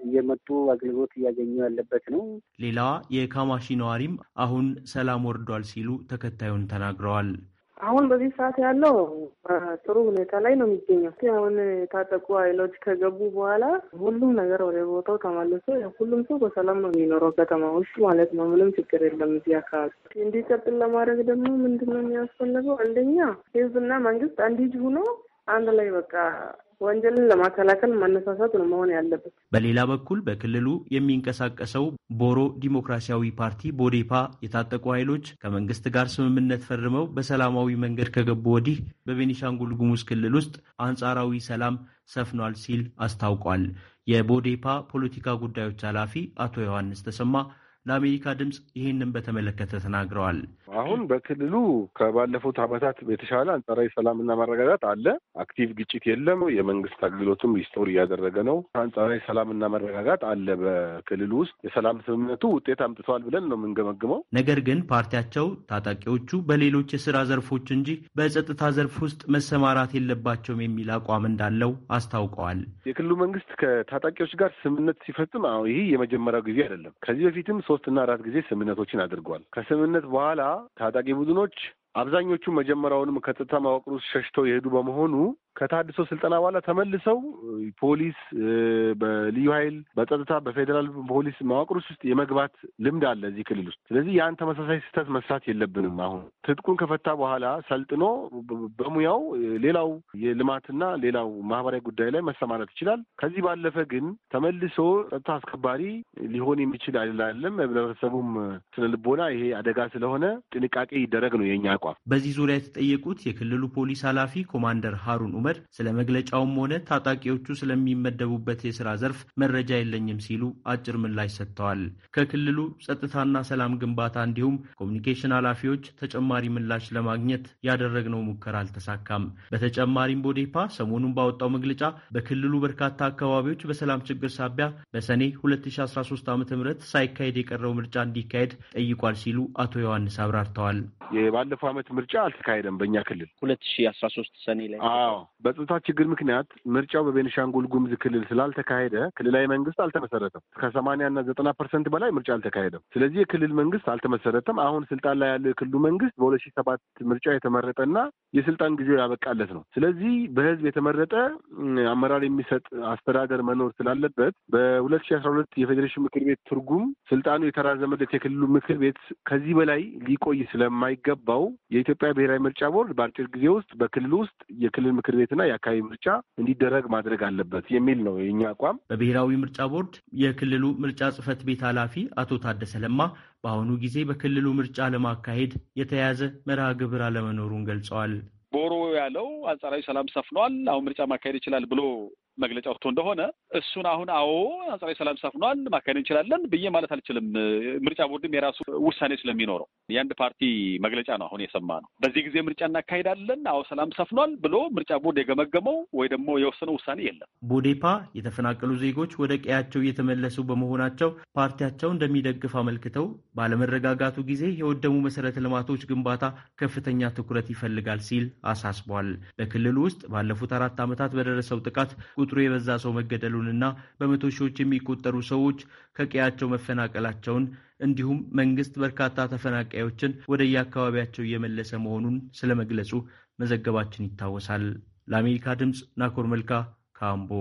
እየመጡ አገልግሎት እያገኙ ያለበት ነው። ሌላዋ የካማሺ ነዋሪም አሁን ሰላም ወርዷል ሲሉ ተከ ተከታዩን ተናግረዋል። አሁን በዚህ ሰዓት ያለው ጥሩ ሁኔታ ላይ ነው የሚገኘው። አሁን የታጠቁ ኃይሎች ከገቡ በኋላ ሁሉም ነገር ወደ ቦታው ተመልሶ ሁሉም ሰው በሰላም ነው የሚኖረው ከተማ ውስጥ ማለት ነው። ምንም ችግር የለም። እዚህ አካባቢ እንዲቀጥል ለማድረግ ደግሞ ምንድን ነው የሚያስፈልገው? አንደኛ ህዝብና መንግስት አንድ እጅ ሁኖ አንድ ላይ በቃ ወንጀልን ለማከላከል መነሳሳት ነው መሆን ያለበት። በሌላ በኩል በክልሉ የሚንቀሳቀሰው ቦሮ ዲሞክራሲያዊ ፓርቲ ቦዴፓ የታጠቁ ኃይሎች ከመንግስት ጋር ስምምነት ፈርመው በሰላማዊ መንገድ ከገቡ ወዲህ በቤኒሻንጉል ጉሙዝ ክልል ውስጥ አንጻራዊ ሰላም ሰፍኗል ሲል አስታውቋል። የቦዴፓ ፖለቲካ ጉዳዮች ኃላፊ አቶ ዮሐንስ ተሰማ ለአሜሪካ ድምፅ ይህንን በተመለከተ ተናግረዋል። አሁን በክልሉ ከባለፉት ዓመታት የተሻለ አንጻራዊ ሰላምና መረጋጋት አለ። አክቲቭ ግጭት የለም። የመንግስት አገልግሎትም ሪስቶር እያደረገ ነው። አንጻራዊ ሰላምና መረጋጋት አለ። በክልሉ ውስጥ የሰላም ስምምነቱ ውጤት አምጥተዋል ብለን ነው የምንገመግመው። ነገር ግን ፓርቲያቸው ታጣቂዎቹ በሌሎች የስራ ዘርፎች እንጂ በጸጥታ ዘርፍ ውስጥ መሰማራት የለባቸውም የሚል አቋም እንዳለው አስታውቀዋል። የክልሉ መንግስት ከታጣቂዎች ጋር ስምምነት ሲፈጽም ይህ የመጀመሪያው ጊዜ አይደለም። ከዚህ በፊትም ሶስትና አራት ጊዜ ስምምነቶችን አድርጓል። ከስምምነት በኋላ ታጣቂ ቡድኖች አብዛኞቹ መጀመሪያውንም ከጸጥታ መዋቅሩ ሸሽተው የሄዱ በመሆኑ ከታድሶ ስልጠና በኋላ ተመልሰው ፖሊስ፣ በልዩ ኃይል፣ በጸጥታ፣ በፌዴራል ፖሊስ መዋቅሮች ውስጥ የመግባት ልምድ አለ እዚህ ክልል ውስጥ። ስለዚህ ያን ተመሳሳይ ስህተት መስራት የለብንም። አሁን ትጥቁን ከፈታ በኋላ ሰልጥኖ በሙያው ሌላው የልማትና ሌላው ማህበራዊ ጉዳይ ላይ መሰማራት ይችላል። ከዚህ ባለፈ ግን ተመልሶ ጸጥታ አስከባሪ ሊሆን የሚችል አይደለም። ህብረተሰቡም ስነልቦና ይሄ አደጋ ስለሆነ ጥንቃቄ ይደረግ ነው የኛ አቋም። በዚህ ዙሪያ የተጠየቁት የክልሉ ፖሊስ ኃላፊ ኮማንደር ሀሩን ኡመር ስለ መግለጫውም ሆነ ታጣቂዎቹ ስለሚመደቡበት የስራ ዘርፍ መረጃ የለኝም ሲሉ አጭር ምላሽ ሰጥተዋል። ከክልሉ ጸጥታና ሰላም ግንባታ እንዲሁም ኮሚኒኬሽን ኃላፊዎች ተጨማሪ ምላሽ ለማግኘት ያደረግነው ሙከራ አልተሳካም። በተጨማሪም ቦዴፓ ሰሞኑን ባወጣው መግለጫ በክልሉ በርካታ አካባቢዎች በሰላም ችግር ሳቢያ በሰኔ 2013 ዓ ም ሳይካሄድ የቀረው ምርጫ እንዲካሄድ ጠይቋል ሲሉ አቶ ዮሐንስ አብራርተዋል። የባለፈው ዓመት ምርጫ አልተካሄደም። በእኛ ክልል 2013 ሰኔ ላይ አዎ በጽታ ችግር ምክንያት ምርጫው በቤኒሻንጉል ጉምዝ ክልል ስላልተካሄደ ክልላዊ መንግስት አልተመሰረተም። ከሰማንያ እና ዘጠና ፐርሰንት በላይ ምርጫ አልተካሄደም። ስለዚህ የክልል መንግስት አልተመሰረተም። አሁን ስልጣን ላይ ያለው የክልሉ መንግስት በሁለት ሺህ ሰባት ምርጫ የተመረጠና የስልጣን ጊዜው ያበቃለት ነው። ስለዚህ በህዝብ የተመረጠ አመራር የሚሰጥ አስተዳደር መኖር ስላለበት በሁለት ሺህ አስራ ሁለት የፌዴሬሽን ምክር ቤት ትርጉም ስልጣኑ የተራዘመለት የክልሉ ምክር ቤት ከዚህ በላይ ሊቆይ ስለማይገባው የኢትዮጵያ ብሔራዊ ምርጫ ቦርድ በአጭር ጊዜ ውስጥ በክልሉ ውስጥ የክልል ምክር ቤት ቤትና የአካባቢ ምርጫ እንዲደረግ ማድረግ አለበት የሚል ነው የእኛ አቋም። በብሔራዊ ምርጫ ቦርድ የክልሉ ምርጫ ጽህፈት ቤት ኃላፊ አቶ ታደሰ ለማ በአሁኑ ጊዜ በክልሉ ምርጫ ለማካሄድ የተያዘ መርሃ ግብር አለመኖሩን ገልጸዋል። ቦሮ ያለው አንጻራዊ ሰላም ሰፍኗል፣ አሁን ምርጫ ማካሄድ ይችላል ብሎ መግለጫ ወጥቶ እንደሆነ እሱን አሁን አዎ አንጻራዊ ሰላም ሰፍኗል ማካሄድ እንችላለን ብዬ ማለት አልችልም። ምርጫ ቦርድም የራሱ ውሳኔ ስለሚኖረው የአንድ ፓርቲ መግለጫ ነው አሁን የሰማ ነው። በዚህ ጊዜ ምርጫ እናካሄዳለን አዎ ሰላም ሰፍኗል ብሎ ምርጫ ቦርድ የገመገመው ወይ ደግሞ የወሰነው ውሳኔ የለም። ቦዴፓ የተፈናቀሉ ዜጎች ወደ ቀያቸው እየተመለሱ በመሆናቸው ፓርቲያቸው እንደሚደግፍ አመልክተው ባለመረጋጋቱ ጊዜ የወደሙ መሰረተ ልማቶች ግንባታ ከፍተኛ ትኩረት ይፈልጋል ሲል አሳስቧል። በክልሉ ውስጥ ባለፉት አራት ዓመታት በደረሰው ጥቃት ቁጥሩ የበዛ ሰው መገደሉንና በመቶ ሺዎች የሚቆጠሩ ሰዎች ከቀያቸው መፈናቀላቸውን እንዲሁም መንግስት በርካታ ተፈናቃዮችን ወደየአካባቢያቸው እየመለሰ መሆኑን ስለመግለጹ መዘገባችን ይታወሳል። ለአሜሪካ ድምፅ ናኮር መልካ ካምቦ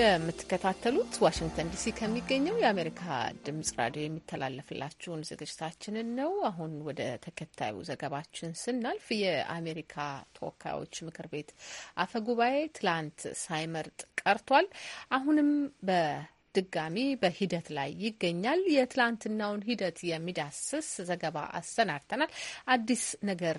የምትከታተሉት ዋሽንግተን ዲሲ ከሚገኘው የአሜሪካ ድምጽ ራዲዮ የሚተላለፍላችሁን ዝግጅታችንን ነው። አሁን ወደ ተከታዩ ዘገባችን ስናልፍ የአሜሪካ ተወካዮች ምክር ቤት አፈ ጉባኤ ትላንት ሳይመርጥ ቀርቷል። አሁንም በ ድጋሚ በሂደት ላይ ይገኛል። የትላንትናውን ሂደት የሚዳስስ ዘገባ አሰናድተናል። አዲስ ነገር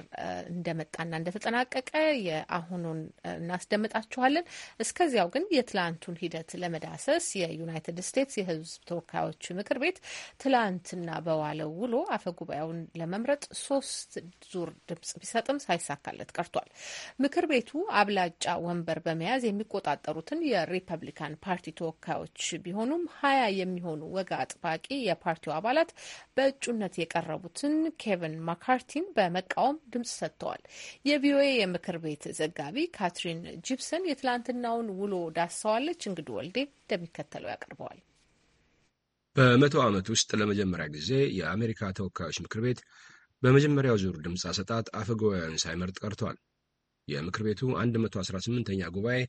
እንደመጣና እንደተጠናቀቀ የአሁኑን እናስደምጣችኋለን። እስከዚያው ግን የትላንቱን ሂደት ለመዳሰስ የዩናይትድ ስቴትስ የሕዝብ ተወካዮች ምክር ቤት ትላንትና በዋለው ውሎ አፈጉባኤውን ለመምረጥ ሶስት ዙር ድምጽ ቢሰጥም ሳይሳካለት ቀርቷል። ምክር ቤቱ አብላጫ ወንበር በመያዝ የሚቆጣጠሩትን የሪፐብሊካን ፓርቲ ተወካዮች ቢሆን በመሆኑም ሀያ የሚሆኑ ወግ አጥባቂ የፓርቲው አባላት በእጩነት የቀረቡትን ኬቪን ማካርቲን በመቃወም ድምጽ ሰጥተዋል። የቪኦኤ የምክር ቤት ዘጋቢ ካትሪን ጂፕሰን የትላንትናውን ውሎ ዳሰዋለች። እንግዲ ወልዴ እንደሚከተለው ያቀርበዋል። በመቶ ዓመት ውስጥ ለመጀመሪያ ጊዜ የአሜሪካ ተወካዮች ምክር ቤት በመጀመሪያው ዙር ድምፅ አሰጣጥ አፈ ሳይመርጥ ቀርቷል። የምክር ቤቱ 118ኛ ጉባኤ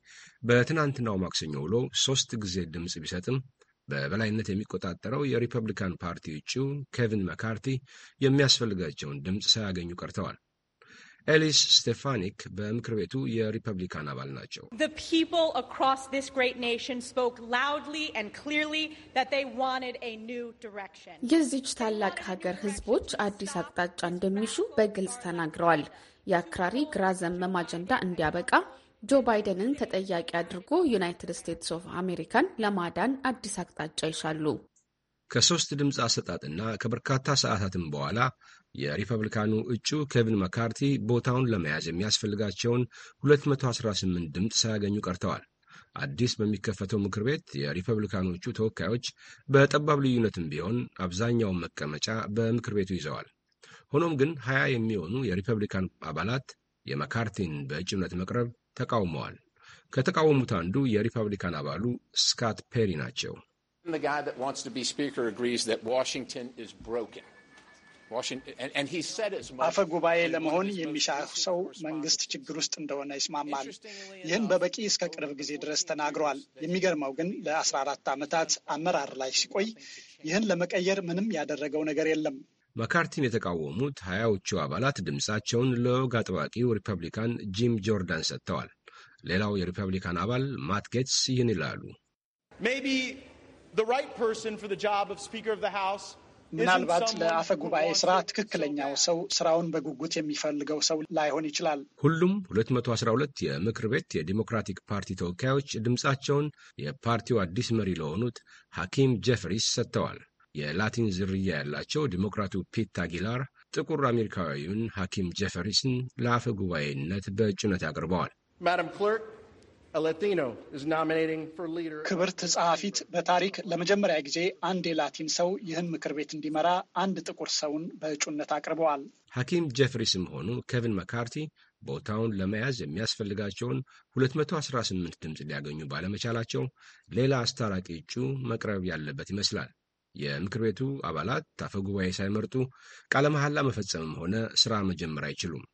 በትናንትናው ማክሰኞ ውሎ ሶስት ጊዜ ድምፅ ቢሰጥም በበላይነት የሚቆጣጠረው የሪፐብሊካን ፓርቲ እጩ ኬቪን መካርቲ የሚያስፈልጋቸውን ድምፅ ሳያገኙ ቀርተዋል። ኤሊስ ስቴፋኒክ በምክር ቤቱ የሪፐብሊካን አባል ናቸው። የዚች ታላቅ ሀገር ህዝቦች አዲስ አቅጣጫ እንደሚሹ በግልጽ ተናግረዋል። የአክራሪ ግራ ዘመም አጀንዳ እንዲያበቃ ጆ ባይደንን ተጠያቂ አድርጎ ዩናይትድ ስቴትስ ኦፍ አሜሪካን ለማዳን አዲስ አቅጣጫ ይሻሉ። ከሦስት ድምፅ አሰጣጥና ከበርካታ ሰዓታትም በኋላ የሪፐብሊካኑ እጩ ኬቪን መካርቲ ቦታውን ለመያዝ የሚያስፈልጋቸውን 218 ድምፅ ሳያገኙ ቀርተዋል። አዲስ በሚከፈተው ምክር ቤት የሪፐብሊካኖቹ ተወካዮች በጠባብ ልዩነትም ቢሆን አብዛኛውን መቀመጫ በምክር ቤቱ ይዘዋል። ሆኖም ግን ሀያ የሚሆኑ የሪፐብሊካን አባላት የመካርቲን በእጩነት መቅረብ ተቃውመዋል። ከተቃወሙት አንዱ የሪፐብሊካን አባሉ ስካት ፔሪ ናቸው። And the guy that wants to አፈ ጉባኤ ለመሆን የሚሻ ሰው መንግስት ችግር ውስጥ እንደሆነ ይስማማል። ይህን በበቂ እስከ ቅርብ ጊዜ ድረስ ተናግሯል። የሚገርመው ግን ለ14 ዓመታት አመራር ላይ ሲቆይ ይህን ለመቀየር ምንም ያደረገው ነገር የለም። መካርቲን የተቃወሙት ሀያዎቹ አባላት ድምፃቸውን ለወግ አጥባቂው ሪፐብሊካን ጂም ጆርዳን ሰጥተዋል። ሌላው የሪፐብሊካን አባል ማት ጌትስ ይህን ይላሉ። ምናልባት ለአፈ ጉባኤ ስራ ትክክለኛው ሰው ስራውን በጉጉት የሚፈልገው ሰው ላይሆን ይችላል። ሁሉም 212 የምክር ቤት የዲሞክራቲክ ፓርቲ ተወካዮች ድምፃቸውን የፓርቲው አዲስ መሪ ለሆኑት ሐኪም ጀፍሪስ ሰጥተዋል። የላቲን ዝርያ ያላቸው ዲሞክራቱ ፒት አጊላር ጥቁር አሜሪካዊውን ሐኪም ጀፈሪስን ለአፈ ጉባኤነት በእጩነት አቅርበዋል። ክብርት ጸሐፊት በታሪክ ለመጀመሪያ ጊዜ አንድ የላቲን ሰው ይህን ምክር ቤት እንዲመራ አንድ ጥቁር ሰውን በእጩነት አቅርበዋል። ሐኪም ጄፍሪስም ሆኑ ኬቪን መካርቲ ቦታውን ለመያዝ የሚያስፈልጋቸውን 218 ድምፅ ሊያገኙ ባለመቻላቸው ሌላ አስታራቂ እጩ መቅረብ ያለበት ይመስላል። የምክር ቤቱ አባላት አፈጉባኤ ሳይመርጡ ቃለ መሐላ መፈጸምም ሆነ ሥራ መጀመር አይችሉም።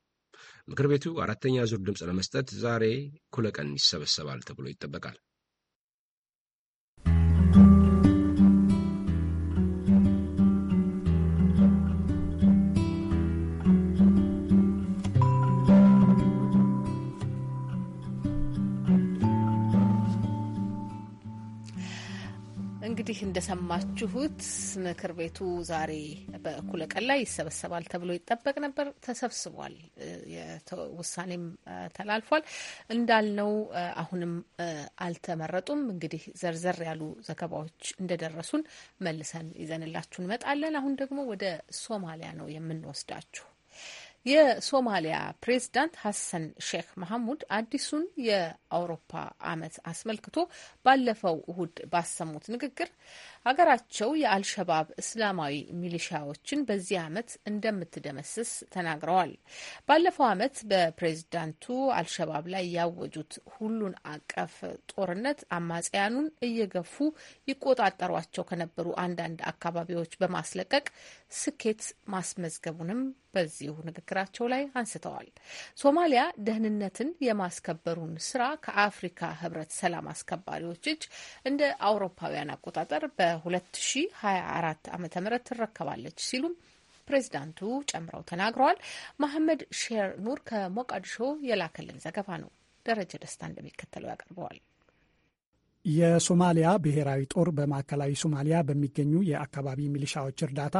ምክር ቤቱ አራተኛ ዙር ድምፅ ለመስጠት ዛሬ እኩለ ቀን ይሰበሰባል ተብሎ ይጠበቃል። እንግዲህ እንደሰማችሁት ምክር ቤቱ ዛሬ በእኩለ ቀን ላይ ይሰበሰባል ተብሎ ይጠበቅ ነበር። ተሰብስቧል፣ ውሳኔም ተላልፏል። እንዳልነው አሁንም አልተመረጡም። እንግዲህ ዘርዘር ያሉ ዘገባዎች እንደደረሱን መልሰን ይዘንላችሁ እንመጣለን። አሁን ደግሞ ወደ ሶማሊያ ነው የምንወስዳችሁ። የሶማሊያ ፕሬዝዳንት ሀሰን ሼክ መሐሙድ አዲሱን የአውሮፓ አመት አስመልክቶ ባለፈው እሁድ ባሰሙት ንግግር ሀገራቸው የአልሸባብ እስላማዊ ሚሊሻዎችን በዚህ ዓመት እንደምትደመስስ ተናግረዋል። ባለፈው ዓመት በፕሬዝዳንቱ አልሸባብ ላይ ያወጁት ሁሉን አቀፍ ጦርነት አማጽያኑን እየገፉ ይቆጣጠሯቸው ከነበሩ አንዳንድ አካባቢዎች በማስለቀቅ ስኬት ማስመዝገቡንም በዚሁ ንግግራቸው ላይ አንስተዋል። ሶማሊያ ደህንነትን የማስከበሩን ስራ ከአፍሪካ ህብረት ሰላም አስከባሪዎች እጅ እንደ አውሮፓውያን አቆጣጠር በ በ2024 ዓ ም ትረከባለች ሲሉም ፕሬዚዳንቱ ጨምረው ተናግረዋል። መሐመድ ሼር ኑር ከሞቃዲሾ የላከልን ዘገባ ነው። ደረጀ ደስታ እንደሚከተለው ያቀርበዋል። የሶማሊያ ብሔራዊ ጦር በማዕከላዊ ሶማሊያ በሚገኙ የአካባቢ ሚሊሻዎች እርዳታ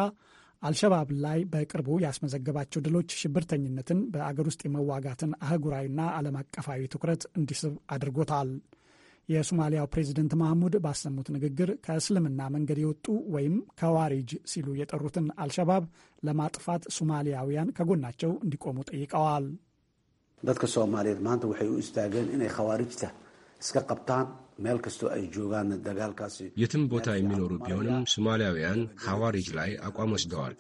አልሸባብ ላይ በቅርቡ ያስመዘገባቸው ድሎች ሽብርተኝነትን በአገር ውስጥ የመዋጋትን አህጉራዊና ዓለም አቀፋዊ ትኩረት እንዲስብ አድርጎታል። የሶማሊያው ፕሬዚደንት ማህሙድ ባሰሙት ንግግር ከእስልምና መንገድ የወጡ ወይም ከዋሪጅ ሲሉ የጠሩትን አልሸባብ ለማጥፋት ሶማሊያውያን ከጎናቸው እንዲቆሙ ጠይቀዋል። ዳትከ ሶማሌድ ማንተ ወሐይ ኢስታገን እኔ ኸዋሪጅታ እስከ ቀብታን የትም ቦታ የሚኖሩ ቢሆንም ሶማሊያውያን ሐዋሪጅ ላይ አቋም ወስደዋል።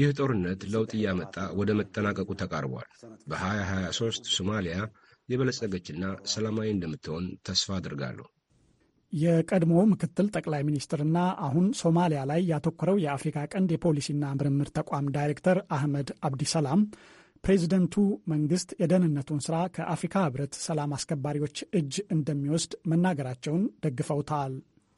ይህ ጦርነት ለውጥ እያመጣ ወደ መጠናቀቁ ተቃርቧል። በ2023 ሶማሊያ የበለጸገችና ሰላማዊ እንደምትሆን ተስፋ አድርጋለሁ። የቀድሞ ምክትል ጠቅላይ ሚኒስትርና አሁን ሶማሊያ ላይ ያተኮረው የአፍሪካ ቀንድ የፖሊሲና ምርምር ተቋም ዳይሬክተር አህመድ አብዲሰላም ፕሬዚደንቱ መንግስት የደህንነቱን ስራ ከአፍሪካ ህብረት ሰላም አስከባሪዎች እጅ እንደሚወስድ መናገራቸውን ደግፈውታል።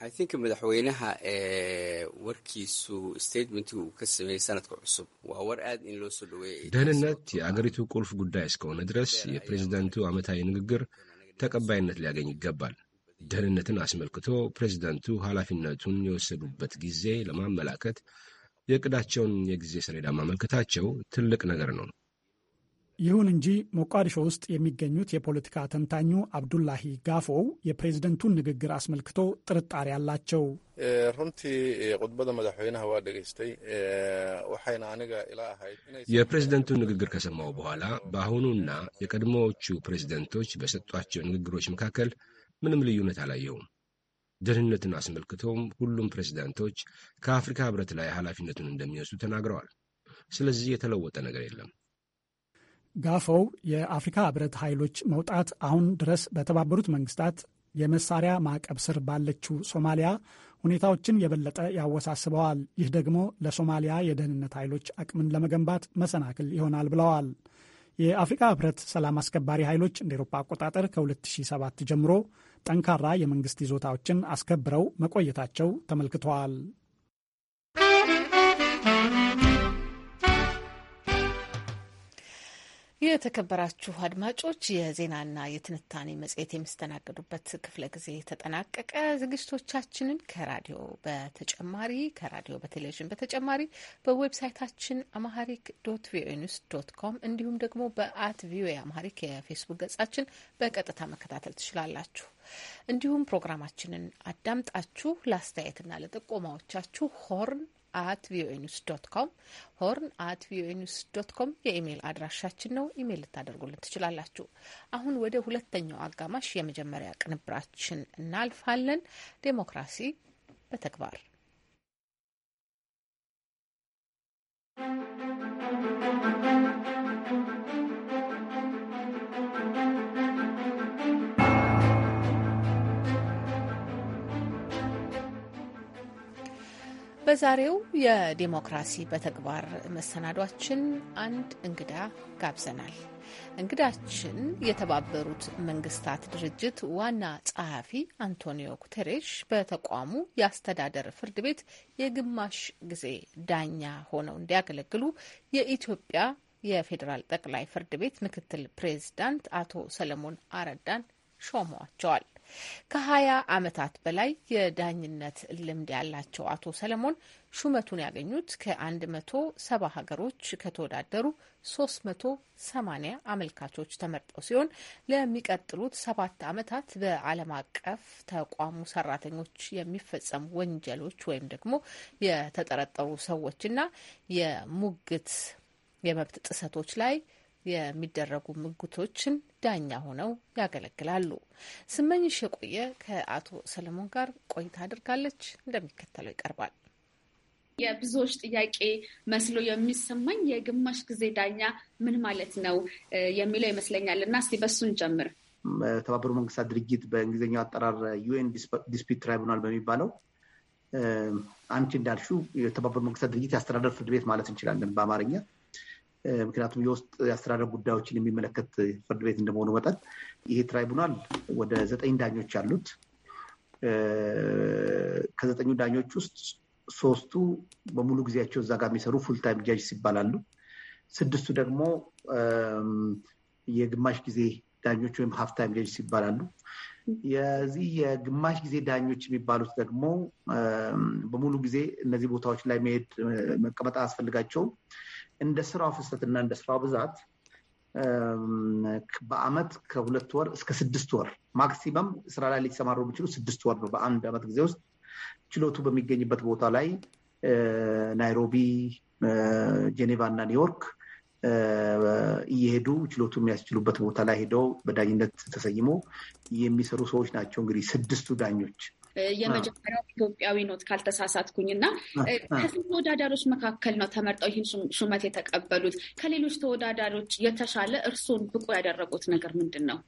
i think madaxweynaha eh, warkiisu statementii uu ka sameeyey sanadka cusub waa war aad in loo soo dhaweeyay ደህንነት የአገሪቱ ቁልፍ ጉዳይ እስከሆነ ድረስ የፕሬዚዳንቱ ዓመታዊ ንግግር ተቀባይነት ሊያገኝ ይገባል። ደህንነትን አስመልክቶ ፕሬዚዳንቱ ኃላፊነቱን የወሰዱበት ጊዜ ለማመላከት የዕቅዳቸውን የጊዜ ሰሌዳ ማመልከታቸው ትልቅ ነገር ነው። ይሁን እንጂ ሞቃዲሾ ውስጥ የሚገኙት የፖለቲካ ተንታኙ አብዱላሂ ጋፎ የፕሬዝደንቱን ንግግር አስመልክቶ ጥርጣሬ አላቸው። የፕሬዝደንቱን ንግግር ከሰማው በኋላ በአሁኑና የቀድሞዎቹ ፕሬዝደንቶች በሰጧቸው ንግግሮች መካከል ምንም ልዩነት አላየውም። ደህንነትን አስመልክቶም ሁሉም ፕሬዝደንቶች ከአፍሪካ ህብረት ላይ ኃላፊነቱን እንደሚወስዱ ተናግረዋል። ስለዚህ የተለወጠ ነገር የለም። ጋፎው የአፍሪካ ህብረት ኃይሎች መውጣት አሁን ድረስ በተባበሩት መንግስታት የመሳሪያ ማዕቀብ ስር ባለችው ሶማሊያ ሁኔታዎችን የበለጠ ያወሳስበዋል። ይህ ደግሞ ለሶማሊያ የደህንነት ኃይሎች አቅምን ለመገንባት መሰናክል ይሆናል ብለዋል። የአፍሪካ ህብረት ሰላም አስከባሪ ኃይሎች እንደ ኤሮፓ አቆጣጠር ከ2007 ጀምሮ ጠንካራ የመንግስት ይዞታዎችን አስከብረው መቆየታቸው ተመልክተዋል። የተከበራችሁ አድማጮች የዜናና የትንታኔ መጽሔት የሚስተናገዱበት ክፍለ ጊዜ ተጠናቀቀ። ዝግጅቶቻችንን ከራዲዮ በተጨማሪ ከራዲዮ በቴሌቪዥን በተጨማሪ በዌብሳይታችን አማሃሪክ ዶት ቪኦኤ ኒውስ ዶት ኮም እንዲሁም ደግሞ በአት ቪኦኤ አማሪክ የፌስቡክ ገጻችን በቀጥታ መከታተል ትችላላችሁ። እንዲሁም ፕሮግራማችንን አዳምጣችሁ ለአስተያየትና ለጥቆማዎቻችሁ ሆርን አት ቪኦኤ ኒውስ ዶት ኮም ሆርን አት ቪኦኤ ኒውስ ዶት ኮም የኢሜይል አድራሻችን ነው። ኢሜይል ልታደርጉልን ትችላላችሁ። አሁን ወደ ሁለተኛው አጋማሽ የመጀመሪያ ቅንብራችን እናልፋለን። ዴሞክራሲ በተግባር Thank you. በዛሬው የዲሞክራሲ በተግባር መሰናዷችን አንድ እንግዳ ጋብዘናል። እንግዳችን የተባበሩት መንግስታት ድርጅት ዋና ጸሐፊ አንቶኒዮ ጉተሬሽ በተቋሙ የአስተዳደር ፍርድ ቤት የግማሽ ጊዜ ዳኛ ሆነው እንዲያገለግሉ የኢትዮጵያ የፌዴራል ጠቅላይ ፍርድ ቤት ምክትል ፕሬዝዳንት አቶ ሰለሞን አረዳን ሾመዋቸዋል። ከሀያ ዓመታት በላይ የዳኝነት ልምድ ያላቸው አቶ ሰለሞን ሹመቱን ያገኙት ከአንድ መቶ ሰባ ሀገሮች ከተወዳደሩ ሶስት መቶ ሰማኒያ አመልካቾች ተመርጠው ሲሆን ለሚቀጥሉት ሰባት ዓመታት በዓለም አቀፍ ተቋሙ ሰራተኞች የሚፈጸሙ ወንጀሎች ወይም ደግሞ የተጠረጠሩ ሰዎችና የሙግት የመብት ጥሰቶች ላይ የሚደረጉ ምጉቶችን ዳኛ ሆነው ያገለግላሉ። ስመኝሽ የቆየ ከአቶ ሰለሞን ጋር ቆይታ አድርጋለች። እንደሚከተለው ይቀርባል። የብዙዎች ጥያቄ መስሎ የሚሰማኝ የግማሽ ጊዜ ዳኛ ምን ማለት ነው የሚለው ይመስለኛል እና እስቲ በሱን ጀምር። በተባበሩ መንግስታት ድርጅት በእንግሊዝኛው አጠራር ዩኤን ዲስፒት ትራይቡናል በሚባለው አንቺ እንዳልሹ የተባበሩ መንግስታት ድርጅት የአስተዳደር ፍርድ ቤት ማለት እንችላለን በአማርኛ ምክንያቱም የውስጥ የአስተዳደር ጉዳዮችን የሚመለከት ፍርድ ቤት እንደመሆኑ መጠን ይሄ ትራይቡናል ወደ ዘጠኝ ዳኞች አሉት። ከዘጠኙ ዳኞች ውስጥ ሶስቱ በሙሉ ጊዜያቸው እዛ ጋር የሚሰሩ ፉልታይም ጃጅስ ይባላሉ። ስድስቱ ደግሞ የግማሽ ጊዜ ዳኞች ወይም ሀፍታይም ጃጅስ ይባላሉ። የዚህ የግማሽ ጊዜ ዳኞች የሚባሉት ደግሞ በሙሉ ጊዜ እነዚህ ቦታዎች ላይ መሄድ መቀመጥ አስፈልጋቸውም። እንደ ስራው ፍሰትና እንደ ስራው ብዛት በአመት ከሁለት ወር እስከ ስድስት ወር ማክሲመም ስራ ላይ ሊሰማሩ የሚችሉ ስድስት ወር ነው። በአንድ አመት ጊዜ ውስጥ ችሎቱ በሚገኝበት ቦታ ላይ ናይሮቢ፣ ጄኔቫ እና ኒውዮርክ እየሄዱ ችሎቱ የሚያስችሉበት ቦታ ላይ ሄደው በዳኝነት ተሰይሞ የሚሰሩ ሰዎች ናቸው። እንግዲህ ስድስቱ ዳኞች የመጀመሪያው ኢትዮጵያዊ ኖት ካልተሳሳትኩኝ እና ከዚህ ተወዳዳሪዎች መካከል ነው ተመርጠው ይህን ሹመት የተቀበሉት። ከሌሎች ተወዳዳሪዎች የተሻለ እርስዎን ብቁ ያደረጉት ነገር ምንድን ነው?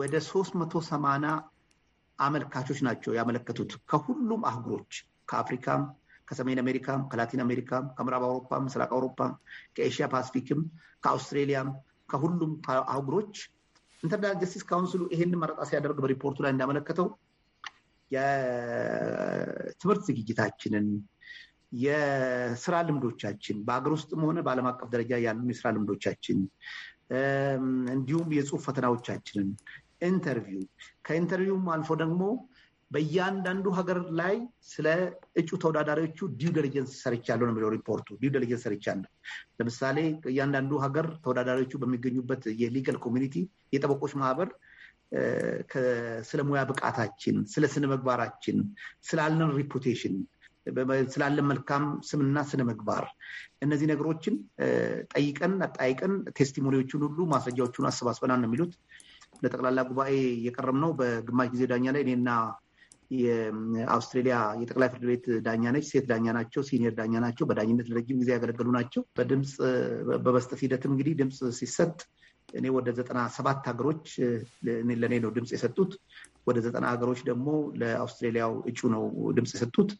ወደ ሶስት መቶ ሰማና አመልካቾች ናቸው ያመለከቱት ከሁሉም አህጉሮች ከአፍሪካም፣ ከሰሜን አሜሪካም፣ ከላቲን አሜሪካም፣ ከምዕራብ አውሮፓም፣ ምስራቅ አውሮፓም፣ ከኤሽያ ፓሲፊክም፣ ከአውስትሬሊያም፣ ከሁሉም አህጉሮች ኢንተርናል ጀስቲስ ካውንስሉ ይሄንን መረጣ ሲያደርግ በሪፖርቱ ላይ እንዳመለከተው የትምህርት ዝግጅታችንን፣ የስራ ልምዶቻችን በሀገር ውስጥም ሆነ በዓለም አቀፍ ደረጃ ያሉ የስራ ልምዶቻችን እንዲሁም የጽሁፍ ፈተናዎቻችንን፣ ኢንተርቪው ከኢንተርቪውም አልፎ ደግሞ በእያንዳንዱ ሀገር ላይ ስለ እጩ ተወዳዳሪዎቹ ዲው ደሊጀንስ ሰርቻለሁ ነው የሚለው ሪፖርቱ። ዲው ደሊጀንስ ሰርቻለሁ። ለምሳሌ እያንዳንዱ ሀገር ተወዳዳሪዎቹ በሚገኙበት የሊገል ኮሚኒቲ የጠበቆች ማህበር ስለ ሙያ ብቃታችን፣ ስለ ስነ ምግባራችን፣ ስላለን ሪፑቴሽን፣ ስላለን መልካም ስምና ስነ ምግባር እነዚህ ነገሮችን ጠይቀን አጣይቀን ቴስቲሞኒዎቹን ሁሉ ማስረጃዎቹን አሰባስበናል ነው የሚሉት። ለጠቅላላ ጉባኤ የቀረም ነው። በግማሽ ጊዜ ዳኛ ላይ እኔና የአውስትሬሊያ የጠቅላይ ፍርድ ቤት ዳኛ ነች። ሴት ዳኛ ናቸው። ሲኒየር ዳኛ ናቸው። በዳኝነት ለረጅም ጊዜ ያገለገሉ ናቸው። በድምፅ በመስጠት ሂደትም እንግዲህ ድምፅ ሲሰጥ እኔ ወደ ዘጠና ሰባት ሀገሮች ለእኔ ነው ድምፅ የሰጡት። ወደ ዘጠና ሀገሮች ደግሞ ለአውስትሬሊያው እጩ ነው ድምፅ የሰጡት።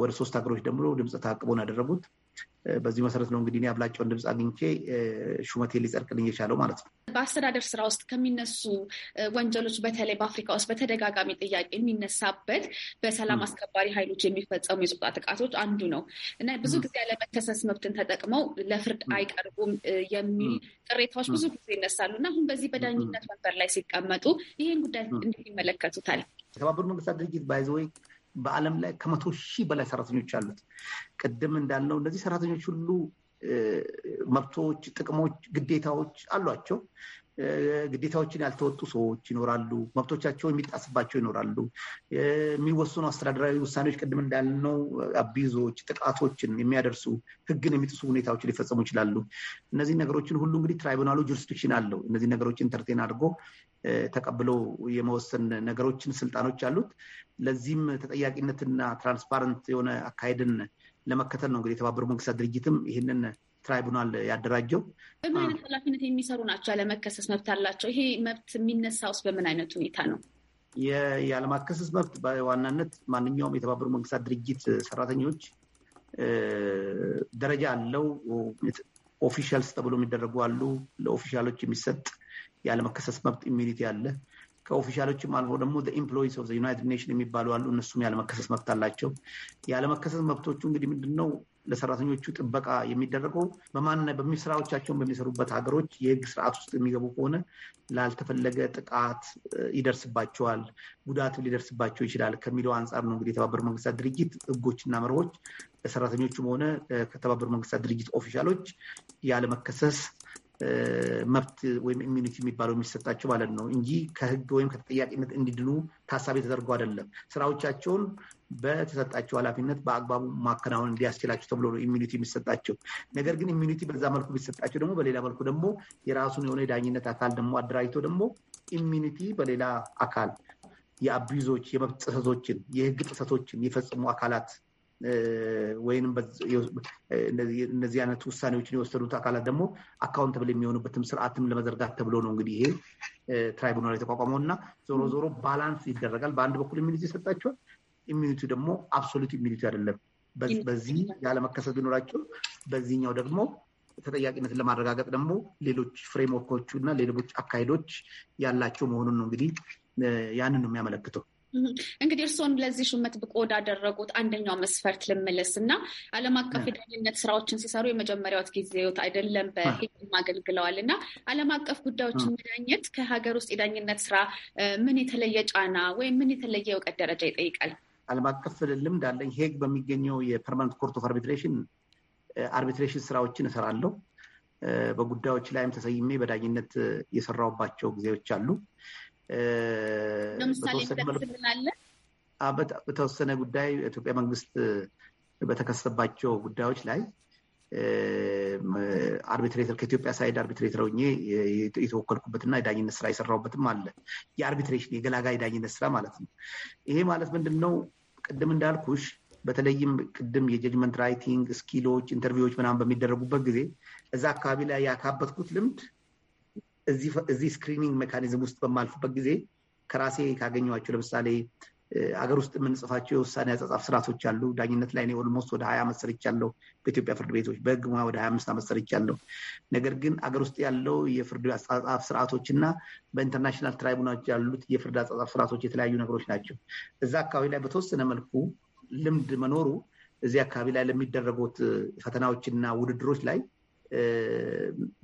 ወደ ሶስት ሀገሮች ደግሞ ድምፅ ታቅቦን ያደረጉት። በዚህ መሰረት ነው እንግዲህ አብላጫውን ድምፅ አግኝቼ ሹመቴ ሊጸድቅልኝ የቻለው ማለት ነው። በአስተዳደር ስራ ውስጥ ከሚነሱ ወንጀሎች በተለይ በአፍሪካ ውስጥ በተደጋጋሚ ጥያቄ የሚነሳበት በሰላም አስከባሪ ኃይሎች የሚፈጸሙ የጾታ ጥቃቶች አንዱ ነው እና ብዙ ጊዜ ያለመከሰስ መብትን ተጠቅመው ለፍርድ አይቀርቡም የሚል ቅሬታዎች ብዙ ጊዜ ይነሳሉ እና አሁን በዚህ በዳኝነት ወንበር ላይ ሲቀመጡ ይህን ጉዳይ እንዴት ይመለከቱታል? የተባበሩት መንግስታት ድርጅት ባይዘወይ በዓለም ላይ ከመቶ ሺህ በላይ ሰራተኞች አሉት። ቅድም እንዳልነው እነዚህ ሰራተኞች ሁሉ መብቶች፣ ጥቅሞች፣ ግዴታዎች አሏቸው። ግዴታዎችን ያልተወጡ ሰዎች ይኖራሉ። መብቶቻቸው የሚጣስባቸው ይኖራሉ። የሚወሰኑ አስተዳደራዊ ውሳኔዎች ቅድም እንዳልነው አቢዞች፣ ጥቃቶችን የሚያደርሱ ህግን የሚጥሱ ሁኔታዎች ሊፈጸሙ ይችላሉ። እነዚህ ነገሮችን ሁሉ እንግዲህ ትራይቡናሉ ጁሪስዲክሽን አለው። እነዚህ ነገሮችን ተርቴን አድርጎ ተቀብሎ የመወሰን ነገሮችን ስልጣኖች አሉት። ለዚህም ተጠያቂነትና ትራንስፓረንት የሆነ አካሄድን ለመከተል ነው እንግዲህ የተባበሩ መንግስታት ድርጅትም ይህንን ትራይቡናል ያደራጀው በምን አይነት ኃላፊነት የሚሰሩ ናቸው? ያለመከሰስ መብት አላቸው። ይሄ መብት የሚነሳውስ በምን አይነት ሁኔታ ነው? ያለማከሰስ መብት በዋናነት ማንኛውም የተባበሩ መንግስታት ድርጅት ሰራተኞች ደረጃ አለው። ኦፊሻልስ ተብሎ የሚደረጉ አሉ። ለኦፊሻሎች የሚሰጥ ያለመከሰስ መብት ኢሚኒቲ አለ። ከኦፊሻሎችም አልፎ ደግሞ ኢምፕሎይስ ኦፍ ዩናይትድ ኔሽን የሚባሉ አሉ። እነሱም ያለመከሰስ መብት አላቸው። ያለመከሰስ መብቶቹ እንግዲህ ምንድን ነው ለሰራተኞቹ ጥበቃ የሚደረገው በማን ስራዎቻቸውን በሚሰሩበት ሀገሮች የህግ ስርዓት ውስጥ የሚገቡ ከሆነ ላልተፈለገ ጥቃት ይደርስባቸዋል፣ ጉዳት ሊደርስባቸው ይችላል ከሚለው አንጻር ነው እንግዲህ የተባበሩ መንግስታት ድርጅት ህጎችና መርሆች ለሰራተኞቹም ሆነ ከተባበሩ መንግስታት ድርጅት ኦፊሻሎች ያለመከሰስ መብት ወይም ኢሚኒቲ የሚባለው የሚሰጣቸው ማለት ነው እንጂ ከህግ ወይም ከተጠያቂነት እንዲድኑ ታሳቢ ተደርጎ አይደለም። ስራዎቻቸውን በተሰጣቸው ኃላፊነት በአግባቡ ማከናወን እንዲያስችላቸው ተብሎ ነው ኢሚኒቲ የሚሰጣቸው። ነገር ግን ኢሚኒቲ በዛ መልኩ የሚሰጣቸው ደግሞ በሌላ መልኩ ደግሞ የራሱን የሆነ የዳኝነት አካል ደግሞ አደራጅቶ ደግሞ ኢሚኒቲ በሌላ አካል የአቢዞች የመብት ጥሰቶችን የህግ ጥሰቶችን የፈጽሙ አካላት ወይም እነዚህ አይነት ውሳኔዎችን የወሰዱት አካላት ደግሞ አካውንተብል የሚሆኑበትም ስርዓትም ለመዘርጋት ተብሎ ነው እንግዲህ ይሄ ትራይቡናል የተቋቋመው እና ዞሮ ዞሮ ባላንስ ይደረጋል። በአንድ በኩል ኢሚኒቲ ይሰጣቸዋል። ኢሚኒቲ ደግሞ አብሶሉት ኢሚኒቲ አይደለም። በዚህ ያለመከሰት ቢኖራቸው፣ በዚህኛው ደግሞ ተጠያቂነትን ለማረጋገጥ ደግሞ ሌሎች ፍሬምወርኮቹ እና ሌሎች አካሄዶች ያላቸው መሆኑን ነው እንግዲህ ያንን ነው የሚያመለክተው። እንግዲህ እርስዎን ለዚህ ሹመት ብቁ ወዳደረጉት አንደኛው መስፈርት ልምልስ እና ዓለም አቀፍ የዳኝነት ስራዎችን ሲሰሩ የመጀመሪያዎት ጊዜዎት አይደለም፣ በህግም አገልግለዋል እና ዓለም አቀፍ ጉዳዮችን መዳኘት ከሀገር ውስጥ የዳኝነት ስራ ምን የተለየ ጫና ወይም ምን የተለየ እውቀት ደረጃ ይጠይቃል? ዓለም አቀፍ ልምድ አለኝ። ሄግ በሚገኘው የፐርማነንት ኮርት ኦፍ አርቢትሬሽን አርቢትሬሽን ስራዎችን እሰራለሁ። በጉዳዮች ላይም ተሰይሜ በዳኝነት የሰራውባቸው ጊዜዎች አሉ። በተወሰነ ጉዳይ ኢትዮጵያ መንግስት በተከሰባቸው ጉዳዮች ላይ አርቢትሬተር ከኢትዮጵያ ሳይድ አርቢትሬተር ሆኜ የተወከልኩበትና የዳኝነት ስራ የሰራሁበትም አለ። የአርቢትሬሽን የገላጋ ዳኝነት ስራ ማለት ነው። ይሄ ማለት ምንድን ነው? ቅድም እንዳልኩሽ በተለይም ቅድም የጀጅመንት ራይቲንግ ስኪሎች፣ ኢንተርቪዎች ምናምን በሚደረጉበት ጊዜ እዛ አካባቢ ላይ ያካበትኩት ልምድ እዚህ ስክሪኒንግ ሜካኒዝም ውስጥ በማልፉበት ጊዜ ከራሴ ካገኘኋቸው ለምሳሌ አገር ውስጥ የምንጽፋቸው የውሳኔ አጻጻፍ ስርዓቶች አሉ። ዳኝነት ላይ እኔ ኦልሞስት ወደ ሀያ ዓመት ሰርቻለሁ። በኢትዮጵያ ፍርድ ቤቶች በህግ ሙያ ወደ ሀያ አምስት ዓመት ሰርቻለሁ። ነገር ግን አገር ውስጥ ያለው የፍርድ አጻጻፍ ስርዓቶች እና በኢንተርናሽናል ትራይቡናሎች ያሉት የፍርድ አጻጻፍ ስርዓቶች የተለያዩ ነገሮች ናቸው። እዛ አካባቢ ላይ በተወሰነ መልኩ ልምድ መኖሩ እዚህ አካባቢ ላይ ለሚደረጉት ፈተናዎችና ውድድሮች ላይ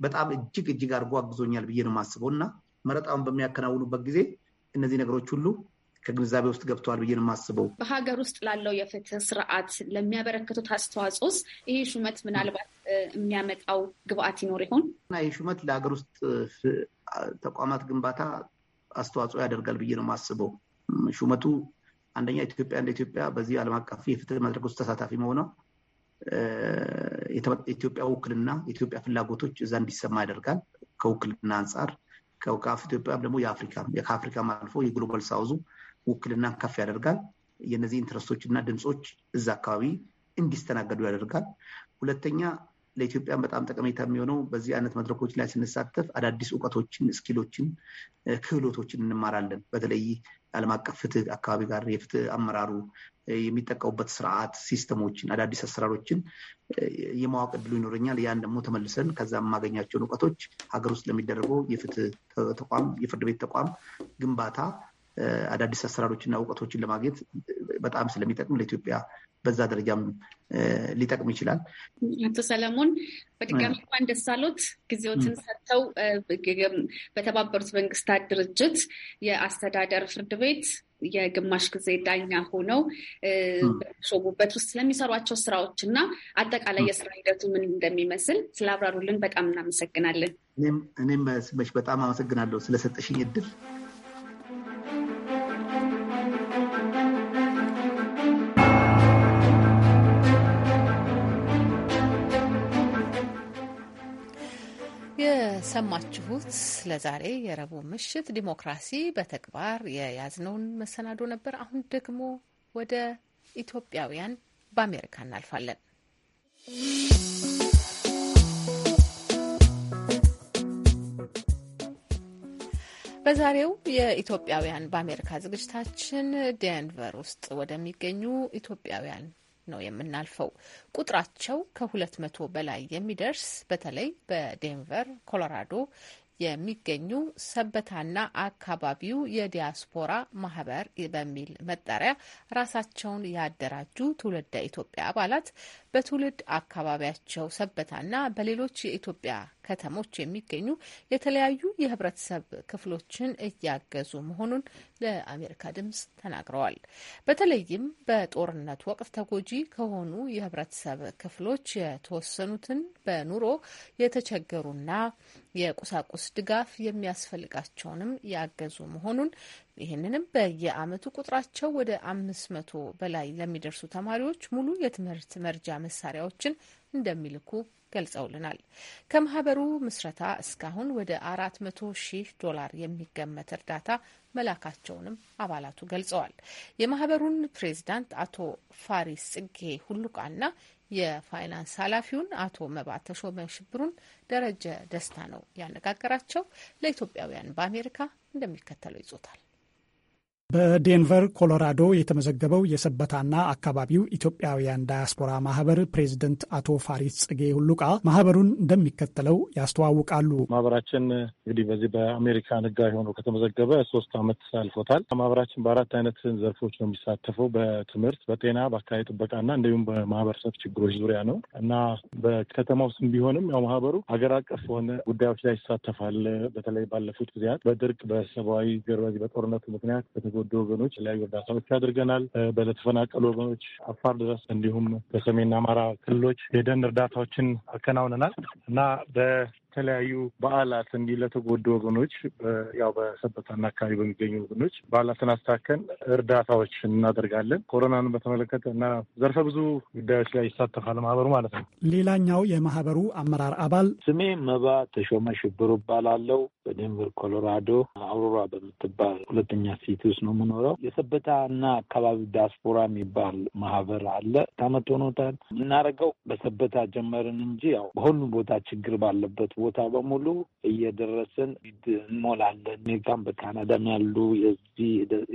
በጣም እጅግ እጅግ አድርጎ አግዞኛል ብዬ ነው የማስበው እና መረጣውን በሚያከናውኑበት ጊዜ እነዚህ ነገሮች ሁሉ ከግንዛቤ ውስጥ ገብተዋል ብዬ ነው የማስበው። በሀገር ውስጥ ላለው የፍትህ ስርዓት ለሚያበረክቱት አስተዋጽኦስ ይሄ ሹመት ምናልባት የሚያመጣው ግብአት ይኖር ይሆን እና ይህ ሹመት ለሀገር ውስጥ ተቋማት ግንባታ አስተዋጽኦ ያደርጋል ብዬ ነው የማስበው። ሹመቱ አንደኛ ኢትዮጵያ እንደ ኢትዮጵያ በዚህ ዓለም አቀፍ የፍትህ መድረክ ውስጥ ተሳታፊ መሆኗ ኢትዮጵያ ውክልና የኢትዮጵያ ፍላጎቶች እዛ እንዲሰማ ያደርጋል። ከውክልና አንጻር ከውቃፍ ኢትዮጵያም ደግሞ የአፍሪካ ከአፍሪካም አልፎ የግሎባል ሳውዙ ውክልና ከፍ ያደርጋል። የነዚህ ኢንትረስቶች እና ድምፆች እዛ አካባቢ እንዲስተናገዱ ያደርጋል። ሁለተኛ ለኢትዮጵያ በጣም ጠቀሜታ የሚሆነው በዚህ አይነት መድረኮች ላይ ስንሳተፍ አዳዲስ እውቀቶችን፣ ስኪሎችን፣ ክህሎቶችን እንማራለን። በተለይ ዓለም አቀፍ ፍትህ አካባቢ ጋር የፍትህ አመራሩ የሚጠቀሙበት ስርዓት ሲስተሞችን፣ አዳዲስ አሰራሮችን የማወቅ እድሉ ይኖረኛል። ያን ደግሞ ተመልሰን ከዛ የማገኛቸውን እውቀቶች ሀገር ውስጥ ለሚደረገው የፍትህ ተቋም የፍርድ ቤት ተቋም ግንባታ አዳዲስ አሰራሮችና እውቀቶችን ለማግኘት በጣም ስለሚጠቅም ለኢትዮጵያ በዛ ደረጃም ሊጠቅም ይችላል። አቶ ሰለሞን በድጋሚ እንኳን ደስ አሎት። ጊዜዎትን ሰጥተው በተባበሩት መንግስታት ድርጅት የአስተዳደር ፍርድ ቤት የግማሽ ጊዜ ዳኛ ሆነው በሾሙበት ውስጥ ስለሚሰሯቸው ስራዎች እና አጠቃላይ የስራ ሂደቱ ምን እንደሚመስል ስለአብራሩልን በጣም እናመሰግናለን። እኔም በጣም አመሰግናለሁ ስለሰጠሽኝ እድል ሰማችሁት። ስለዛሬ የረቡዕ ምሽት ዲሞክራሲ በተግባር የያዝነውን መሰናዶ ነበር። አሁን ደግሞ ወደ ኢትዮጵያውያን በአሜሪካ እናልፋለን። በዛሬው የኢትዮጵያውያን በአሜሪካ ዝግጅታችን ዴንቨር ውስጥ ወደሚገኙ ኢትዮጵያውያን ነው የምናልፈው። ቁጥራቸው ከሁለት መቶ በላይ የሚደርስ በተለይ በዴንቨር ኮሎራዶ የሚገኙ ሰበታና አካባቢው የዲያስፖራ ማህበር በሚል መጠሪያ ራሳቸውን ያደራጁ ትውልደ ኢትዮጵያ አባላት በትውልድ አካባቢያቸው ሰበታና በሌሎች የኢትዮጵያ ከተሞች የሚገኙ የተለያዩ የህብረተሰብ ክፍሎችን እያገዙ መሆኑን ለአሜሪካ ድምጽ ተናግረዋል። በተለይም በጦርነት ወቅት ተጎጂ ከሆኑ የህብረተሰብ ክፍሎች የተወሰኑትን በኑሮ የተቸገሩና የቁሳቁስ ድጋፍ የሚያስፈልጋቸውንም ያገዙ መሆኑን ይህንንም በየአመቱ ቁጥራቸው ወደ አምስት መቶ በላይ ለሚደርሱ ተማሪዎች ሙሉ የትምህርት መርጃ መሳሪያዎችን እንደሚልኩ ገልጸውልናል። ከማህበሩ ምስረታ እስካሁን ወደ አራት መቶ ሺህ ዶላር የሚገመት እርዳታ መላካቸውንም አባላቱ ገልጸዋል። የማህበሩን ፕሬዚዳንት አቶ ፋሪስ ጽጌ ሁሉቃና የፋይናንስ ኃላፊውን አቶ መባ ተሾመ ሽብሩን ደረጀ ደስታ ነው ያነጋገራቸው። ለኢትዮጵያውያን በአሜሪካ እንደሚከተለው ይዞታል። በዴንቨር ኮሎራዶ የተመዘገበው የሰበታና አካባቢው ኢትዮጵያውያን ዳያስፖራ ማህበር ፕሬዚደንት አቶ ፋሪስ ጽጌ ሁሉቃ ማህበሩን እንደሚከተለው ያስተዋውቃሉ። ማህበራችን እንግዲህ በዚህ በአሜሪካን ህጋዊ ሆኖ ከተመዘገበ ሶስት ዓመት አልፎታል። ማህበራችን በአራት አይነት ዘርፎች ነው የሚሳተፈው በትምህርት፣ በጤና፣ በአካባቢ ጥበቃና እንዲሁም በማህበረሰብ ችግሮች ዙሪያ ነው እና በከተማ ውስጥም ቢሆንም ያው ማህበሩ ሀገር አቀፍ ሆነ ጉዳዮች ላይ ይሳተፋል። በተለይ ባለፉት ጊዜያት በድርቅ በሰብአዊ ገርበዚህ በጦርነቱ ምክንያት ለተጎዱ ወገኖች የተለያዩ እርዳታዎች አድርገናል። በለተፈናቀሉ ወገኖች አፋር ድረስ እንዲሁም በሰሜን አማራ ክልሎች ሄደን እርዳታዎችን አከናውነናል እና የተለያዩ በዓላት እንዲህ ለተጎዱ ወገኖች ያው በሰበታና አካባቢ በሚገኙ ወገኖች በዓላትን አስታከን እርዳታዎች እናደርጋለን። ኮሮናን በተመለከተ እና ዘርፈ ብዙ ጉዳዮች ላይ ይሳተፋል ማህበሩ ማለት ነው። ሌላኛው የማህበሩ አመራር አባል ስሜ መባ ተሾመ ሽብሩ እባላለሁ። በዴንቨር ኮሎራዶ አውሮራ በምትባል ሁለተኛ ሲቲ ውስጥ ነው የምኖረው። የሰበታ የሰበታና አካባቢ ዲያስፖራ የሚባል ማህበር አለ። ታመት ሆኖታል። የምናደርገው በሰበታ ጀመርን እንጂ ያው በሁሉም ቦታ ችግር ባለበት ቦታ በሙሉ እየደረስን እንሞላለን። ሜጋም በካናዳም ያሉ የዚህ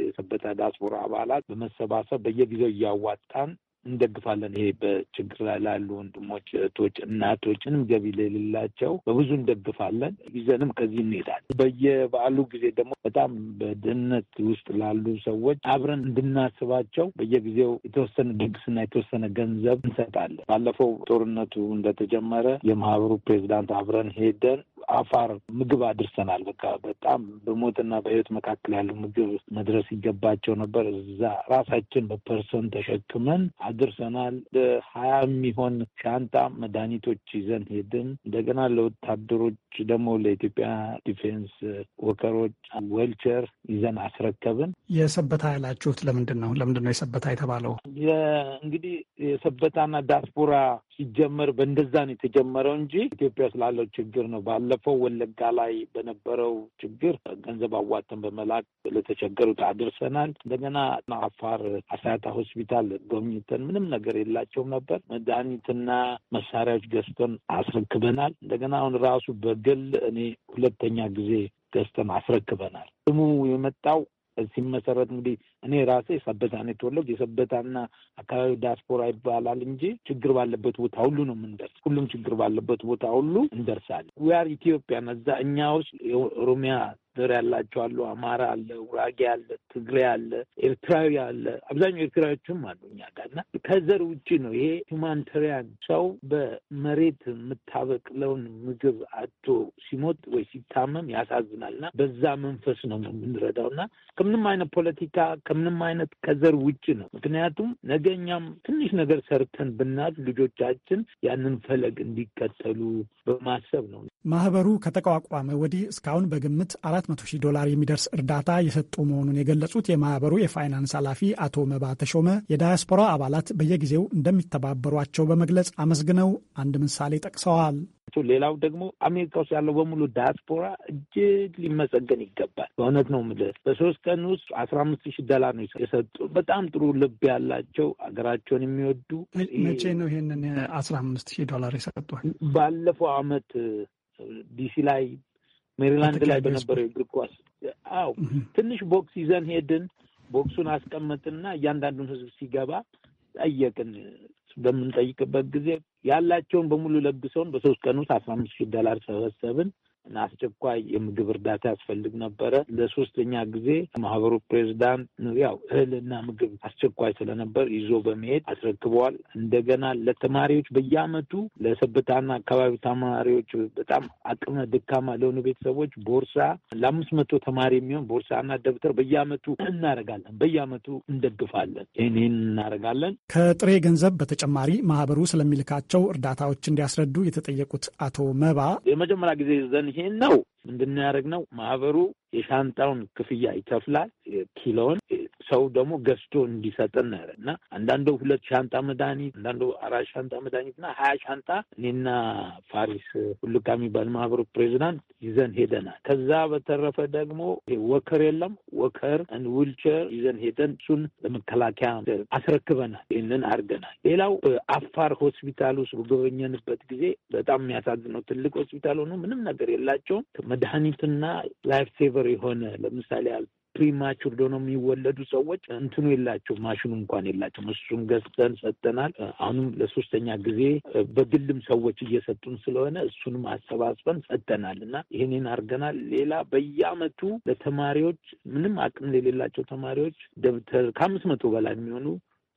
የሰበታ ዲያስፖራ አባላት በመሰባሰብ በየጊዜው እያዋጣን እንደግፋለን። ይሄ በችግር ላይ ላሉ ወንድሞች፣ እህቶች፣ እናቶችንም ገቢ ለሌላቸው በብዙ እንደግፋለን። ይዘንም ከዚህ እንሄዳለን። በየበዓሉ ጊዜ ደግሞ በጣም በድህነት ውስጥ ላሉ ሰዎች አብረን እንድናስባቸው በየጊዜው የተወሰነ ድግስና የተወሰነ ገንዘብ እንሰጣለን። ባለፈው ጦርነቱ እንደተጀመረ የማህበሩ ፕሬዚዳንት አብረን ሄደን አፋር ምግብ አድርሰናል። በቃ በጣም በሞትና በህይወት መካከል ያሉ ምግብ መድረስ ይገባቸው ነበር። እዛ ራሳችን በፐርሰን ተሸክመን አድርሰናል። ሀያ የሚሆን ሻንጣ መድኃኒቶች ይዘን ሄድን። እንደገና ለወታደሮች ደግሞ ለኢትዮጵያ ዲፌንስ ወከሮች ዌልቸር ይዘን አስረከብን። የሰበታ ያላችሁት ለምንድን ነው? ለምንድን ነው የሰበታ የተባለው? እንግዲህ የሰበታና ዳስፖራ ሲጀመር በእንደዛ ነው የተጀመረው እንጂ ኢትዮጵያ ስላለው ችግር ነው ባለ ባለፈው ወለጋ ላይ በነበረው ችግር ገንዘብ አዋተን በመላክ ለተቸገሩት አድርሰናል። እንደገና አፋር አሳያታ ሆስፒታል ጎብኝተን ምንም ነገር የላቸውም ነበር። መድኃኒትና መሳሪያዎች ገዝተን አስረክበናል። እንደገና አሁን ራሱ በግል እኔ ሁለተኛ ጊዜ ገዝተን አስረክበናል። ስሙ የመጣው ሲመሰረት እንግዲህ እኔ ራሴ ሰበታ ነው የተወለድኩ። የሰበታና አካባቢ ዲያስፖራ ይባላል እንጂ ችግር ባለበት ቦታ ሁሉ ነው የምንደርስ። ሁሉም ችግር ባለበት ቦታ ሁሉ እንደርሳለን። ዊያር ኢትዮጵያ ነዛ ውስጥ ኦሮሚያ ዘር ያላቸው አሉ፣ አማራ አለ፣ ውራጌ አለ፣ ትግሬ አለ፣ ኤርትራዊ አለ። አብዛኛው ኤርትራዎችም አሉ እኛ ጋር እና ከዘር ውጭ ነው ይሄ ሁማንተሪያን ሰው በመሬት የምታበቅለውን ምግብ አቶ ሲሞት ወይ ሲታመም ያሳዝናል እና በዛ መንፈስ ነው የምንረዳው እና ከምንም አይነት ፖለቲካ ከምንም አይነት ከዘር ውጭ ነው። ምክንያቱም ነገኛም ትንሽ ነገር ሰርተን ብናት ልጆቻችን ያንን ፈለግ እንዲከተሉ በማሰብ ነው። ማህበሩ ከተቋቋመ ወዲህ እስካሁን በግምት አራት መቶ ሺህ ዶላር የሚደርስ እርዳታ የሰጡ መሆኑን የገለጹት የማህበሩ የፋይናንስ ኃላፊ አቶ መባ ተሾመ የዳያስፖራ አባላት በየጊዜው እንደሚተባበሯቸው በመግለጽ አመስግነው አንድ ምሳሌ ጠቅሰዋል። ሌላው ደግሞ አሜሪካ ውስጥ ያለው በሙሉ ዳያስፖራ እጅግ ሊመሰገን ይገባል። በእውነት ነው የምልህ በሶስት ቀን ውስጥ አስራ አምስት ሺህ ዶላር ነው የሰጡ። በጣም ጥሩ ልብ ያላቸው አገራቸውን የሚወዱ። መቼ ነው ይሄንን አስራ አምስት ሺህ ዶላር የሰጧል? ባለፈው አመት ዲሲ ላይ ሜሪላንድ ላይ በነበረው የእግር ኳስ አው ትንሽ ቦክስ ይዘን ሄድን። ቦክሱን አስቀመጥና እያንዳንዱን ህዝብ ሲገባ ጠየቅን በምንጠይቅበት ጊዜ ያላቸውን በሙሉ ለግሰውን በሶስት ቀን ውስጥ አስራ አምስት ሺህ ዶላር ሰበሰብን። አስቸኳይ የምግብ እርዳታ ያስፈልግ ነበረ። ለሶስተኛ ጊዜ ማህበሩ ፕሬዚዳንት ያው እህልና ምግብ አስቸኳይ ስለነበር ይዞ በመሄድ አስረክበዋል። እንደገና ለተማሪዎች በየአመቱ ለሰበታና አካባቢ ተማሪዎች በጣም አቅመ ድካማ ለሆኑ ቤተሰቦች ቦርሳ ለአምስት መቶ ተማሪ የሚሆን ቦርሳና ደብተር በየአመቱ እናደርጋለን። በየአመቱ እንደግፋለን። ይህን እናደርጋለን። ከጥሬ ገንዘብ በተጨማሪ ማህበሩ ስለሚልካቸው እርዳታዎች እንዲያስረዱ የተጠየቁት አቶ መባ የመጀመሪያ ጊዜ ዘን him no. ያደረግ ነው ማህበሩ የሻንጣውን ክፍያ ይከፍላል። ኪሎውን ሰው ደግሞ ገዝቶ እንዲሰጥን ያለ እና አንዳንዱ ሁለት ሻንጣ መድኃኒት፣ አንዳንዱ አራት ሻንጣ መድኃኒት እና ሀያ ሻንጣ እኔና ፋሪስ ሁሉቃ የሚባል ማህበሩ ፕሬዚዳንት ይዘን ሄደናል። ከዛ በተረፈ ደግሞ ወከር የለም ወከር ውልቸር ይዘን ሄደን እሱን ለመከላከያ አስረክበናል። ይህንን አድርገናል። ሌላው አፋር ሆስፒታል ውስጥ በጎበኘንበት ጊዜ በጣም የሚያሳዝነው ትልቅ ሆስፒታል ሆኖ ምንም ነገር የላቸውም መድኃኒትና ላይፍ ሴቨር የሆነ ለምሳሌ ያል ፕሪማቹር ደሆነ የሚወለዱ ሰዎች እንትኑ የላቸው ማሽኑ እንኳን የላቸው እሱም ገዝተን ሰጠናል። አሁንም ለሶስተኛ ጊዜ በግልም ሰዎች እየሰጡን ስለሆነ እሱንም አሰባስበን ሰጠናል እና ይህንን አድርገናል። ሌላ በየአመቱ ለተማሪዎች ምንም አቅም ለሌላቸው ተማሪዎች ደብተር ከአምስት መቶ በላይ የሚሆኑ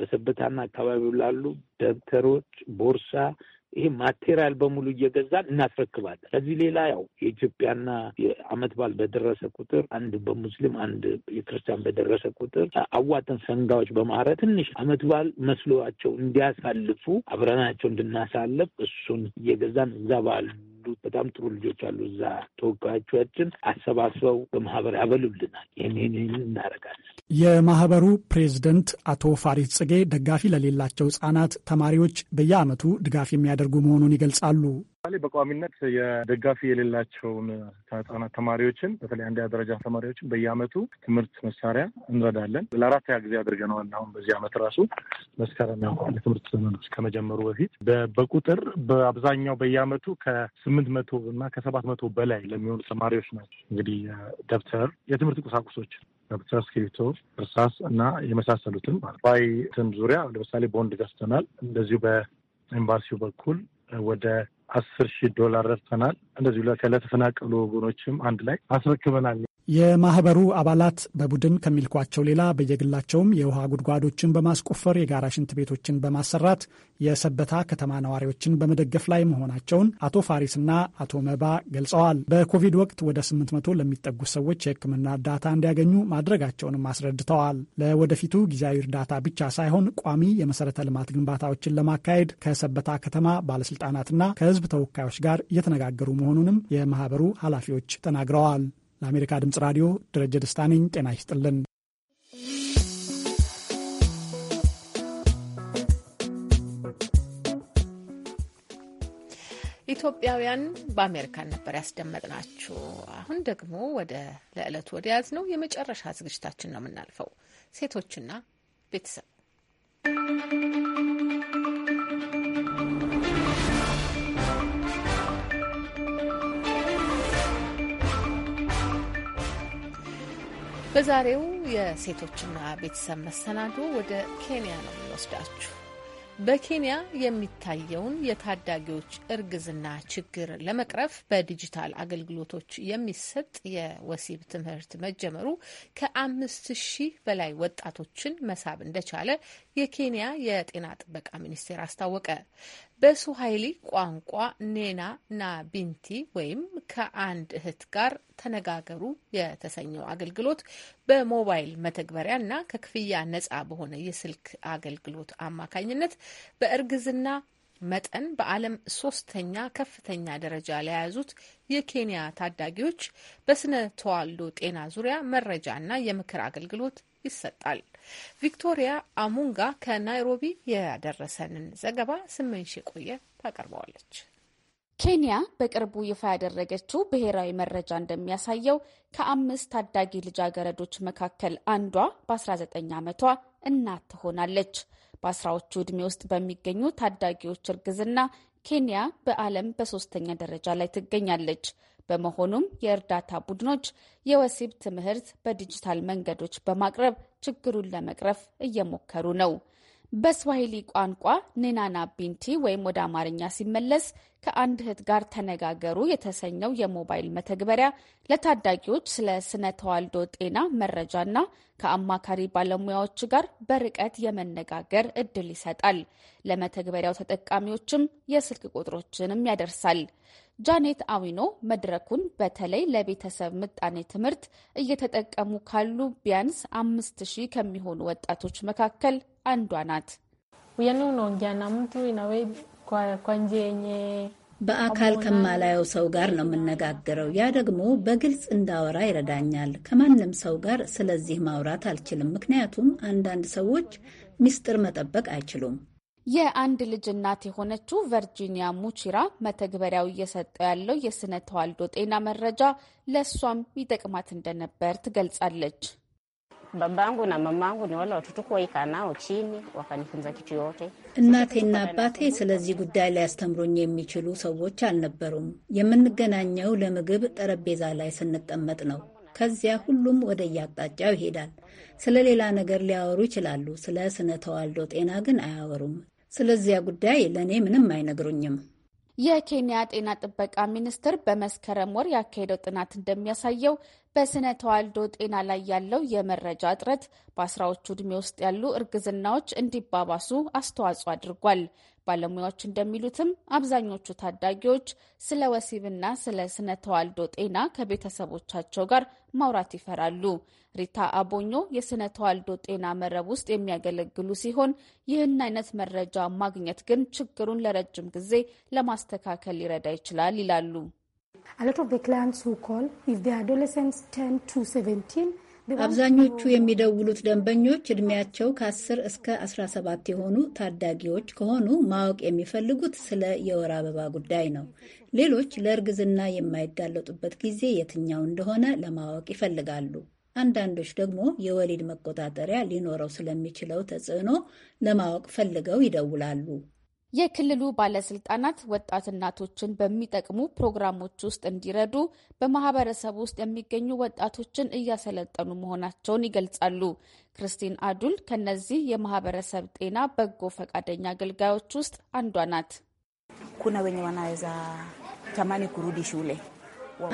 በሰበታና አካባቢው ላሉ ደብተሮች፣ ቦርሳ ይሄ ማቴሪያል በሙሉ እየገዛን እናስረክባለን። ከዚህ ሌላ ያው የኢትዮጵያና የአመት በዓል በደረሰ ቁጥር አንድ በሙስሊም አንድ የክርስቲያን በደረሰ ቁጥር አዋጥን ሰንጋዎች በማረት ትንሽ አመት በዓል መስሏቸው እንዲያሳልፉ አብረናቸው እንድናሳልፍ እሱን እየገዛን እዛ በዓል በጣም ጥሩ ልጆች አሉ እዛ ተወካዮቻችን አሰባስበው በማህበር ያበሉልናል። ይህን እናደርጋለን። የማህበሩ ፕሬዝደንት አቶ ፋሪስ ጽጌ ደጋፊ ለሌላቸው ህጻናት ተማሪዎች በየአመቱ ድጋፍ የሚያደርጉ መሆኑን ይገልጻሉ። ለምሳሌ በቋሚነት የደጋፊ የሌላቸውን ህጻናት ተማሪዎችን በተለይ አንደኛ ደረጃ ተማሪዎችን በየአመቱ ትምህርት መሳሪያ እንረዳለን። ለአራተኛ ጊዜ አድርገነዋል። አሁን በዚህ አመት ራሱ መስከረም ያው የትምህርት ዘመኑ ከመጀመሩ በፊት በቁጥር በአብዛኛው በየአመቱ ከስምንት መቶ እና ከሰባት መቶ በላይ ለሚሆኑ ተማሪዎች ናቸው እንግዲህ ደብተር፣ የትምህርት ቁሳቁሶች ደብተር፣ እስክሪብቶ፣ እርሳስ እና የመሳሰሉትን ባይትን ዙሪያ ለምሳሌ ቦንድ ገዝተናል። እንደዚሁ በኤምባሲው በኩል ወደ አስር ሺህ ዶላር ረድተናል። እንደዚሁ ለተፈናቀሉ ወገኖችም አንድ ላይ አስረክበናል። የማህበሩ አባላት በቡድን ከሚልኳቸው ሌላ በየግላቸውም የውሃ ጉድጓዶችን በማስቆፈር የጋራ ሽንት ቤቶችን በማሰራት የሰበታ ከተማ ነዋሪዎችን በመደገፍ ላይ መሆናቸውን አቶ ፋሪስና አቶ መባ ገልጸዋል። በኮቪድ ወቅት ወደ 800 ለሚጠጉ ሰዎች የሕክምና እርዳታ እንዲያገኙ ማድረጋቸውንም አስረድተዋል። ለወደፊቱ ጊዜያዊ እርዳታ ብቻ ሳይሆን ቋሚ የመሰረተ ልማት ግንባታዎችን ለማካሄድ ከሰበታ ከተማ ባለስልጣናትና ከህዝብ ተወካዮች ጋር እየተነጋገሩ መሆኑንም የማህበሩ ኃላፊዎች ተናግረዋል። ለአሜሪካ ድምፅ ራዲዮ ደረጀ ደስታ ነኝ። ጤና ይስጥልን። ኢትዮጵያውያን በአሜሪካን ነበር ያስደመጥ ናችው። አሁን ደግሞ ወደ ለዕለቱ ወደ ያዝ ነው የመጨረሻ ዝግጅታችን ነው የምናልፈው። ሴቶችና ቤተሰብ በዛሬው የሴቶችና ቤተሰብ መሰናዶ ወደ ኬንያ ነው የሚወስዳችሁ። በኬንያ የሚታየውን የታዳጊዎች እርግዝና ችግር ለመቅረፍ በዲጂታል አገልግሎቶች የሚሰጥ የወሲብ ትምህርት መጀመሩ ከአምስት ሺህ በላይ ወጣቶችን መሳብ እንደቻለ የኬንያ የጤና ጥበቃ ሚኒስቴር አስታወቀ። በሱሃይሊ ቋንቋ ኔና ና ቢንቲ ወይም ከአንድ እህት ጋር ተነጋገሩ የተሰኘው አገልግሎት በሞባይል መተግበሪያ እና ከክፍያ ነጻ በሆነ የስልክ አገልግሎት አማካኝነት በእርግዝና መጠን በዓለም ሶስተኛ ከፍተኛ ደረጃ ለያዙት የኬንያ ታዳጊዎች በስነ ተዋልዶ ጤና ዙሪያ መረጃና የምክር አገልግሎት ይሰጣል። ቪክቶሪያ አሙንጋ ከናይሮቢ ያደረሰንን ዘገባ ስመንሽ ቆየ ታቀርበዋለች። ኬንያ በቅርቡ ይፋ ያደረገችው ብሔራዊ መረጃ እንደሚያሳየው ከአምስት ታዳጊ ልጃገረዶች መካከል አንዷ በ19 ዓመቷ እናት ትሆናለች። በአስራዎቹ ዕድሜ ውስጥ በሚገኙ ታዳጊዎች እርግዝና ኬንያ በዓለም በሶስተኛ ደረጃ ላይ ትገኛለች። በመሆኑም የእርዳታ ቡድኖች የወሲብ ትምህርት በዲጂታል መንገዶች በማቅረብ ችግሩን ለመቅረፍ እየሞከሩ ነው። በስዋሂሊ ቋንቋ ኔናና ቢንቲ ወይም ወደ አማርኛ ሲመለስ ከአንድ እህት ጋር ተነጋገሩ የተሰኘው የሞባይል መተግበሪያ ለታዳጊዎች ስለ ስነ ተዋልዶ ጤና መረጃና ከአማካሪ ባለሙያዎች ጋር በርቀት የመነጋገር እድል ይሰጣል። ለመተግበሪያው ተጠቃሚዎችም የስልክ ቁጥሮችንም ያደርሳል። ጃኔት አዊኖ መድረኩን በተለይ ለቤተሰብ ምጣኔ ትምህርት እየተጠቀሙ ካሉ ቢያንስ አምስት ሺህ ከሚሆኑ ወጣቶች መካከል አንዷ ናት። በአካል ከማላየው ሰው ጋር ነው የምነጋገረው። ያ ደግሞ በግልጽ እንዳወራ ይረዳኛል። ከማንም ሰው ጋር ስለዚህ ማውራት አልችልም፣ ምክንያቱም አንዳንድ ሰዎች ምስጢር መጠበቅ አይችሉም። የአንድ ልጅ እናት የሆነችው ቨርጂኒያ ሙቺራ መተግበሪያው እየሰጠ ያለው የስነ ተዋልዶ ጤና መረጃ ለእሷም ይጠቅማት እንደነበር ትገልጻለች። እናቴና አባቴ ስለዚህ ጉዳይ ላይ የሚችሉ ሰዎች አልነበሩም። የምንገናኘው ለምግብ ጠረጴዛ ላይ ስንቀመጥ ነው። ከዚያ ሁሉም ወደ የአቅጣጫው ይሄዳል። ስለ ሌላ ነገር ሊያወሩ ይችላሉ። ስለ ስነ ተዋልዶ ጤና ግን አያወሩም። ስለዚያ ጉዳይ ለእኔ ምንም አይነግሩኝም። የኬንያ ጤና ጥበቃ ሚኒስቴር በመስከረም ወር ያካሄደው ጥናት እንደሚያሳየው በስነ ተዋልዶ ጤና ላይ ያለው የመረጃ እጥረት በአስራዎቹ ዕድሜ ውስጥ ያሉ እርግዝናዎች እንዲባባሱ አስተዋጽኦ አድርጓል። ባለሙያዎች እንደሚሉትም አብዛኞቹ ታዳጊዎች ስለ ወሲብና ስለ ስነ ተዋልዶ ጤና ከቤተሰቦቻቸው ጋር ማውራት ይፈራሉ። ሪታ አቦኞ የስነ ተዋልዶ ጤና መረብ ውስጥ የሚያገለግሉ ሲሆን ይህን አይነት መረጃ ማግኘት ግን ችግሩን ለረጅም ጊዜ ለማስተካከል ሊረዳ ይችላል ይላሉ። አብዛኞቹ የሚደውሉት ደንበኞች እድሜያቸው ከ10 እስከ 17 የሆኑ ታዳጊዎች ከሆኑ ማወቅ የሚፈልጉት ስለ የወር አበባ ጉዳይ ነው። ሌሎች ለእርግዝና የማይጋለጡበት ጊዜ የትኛው እንደሆነ ለማወቅ ይፈልጋሉ። አንዳንዶች ደግሞ የወሊድ መቆጣጠሪያ ሊኖረው ስለሚችለው ተጽዕኖ ለማወቅ ፈልገው ይደውላሉ። የክልሉ ባለስልጣናት ወጣት እናቶችን በሚጠቅሙ ፕሮግራሞች ውስጥ እንዲረዱ በማህበረሰብ ውስጥ የሚገኙ ወጣቶችን እያሰለጠኑ መሆናቸውን ይገልጻሉ። ክርስቲን አዱል ከነዚህ የማህበረሰብ ጤና በጎ ፈቃደኛ አገልጋዮች ውስጥ አንዷ ናት።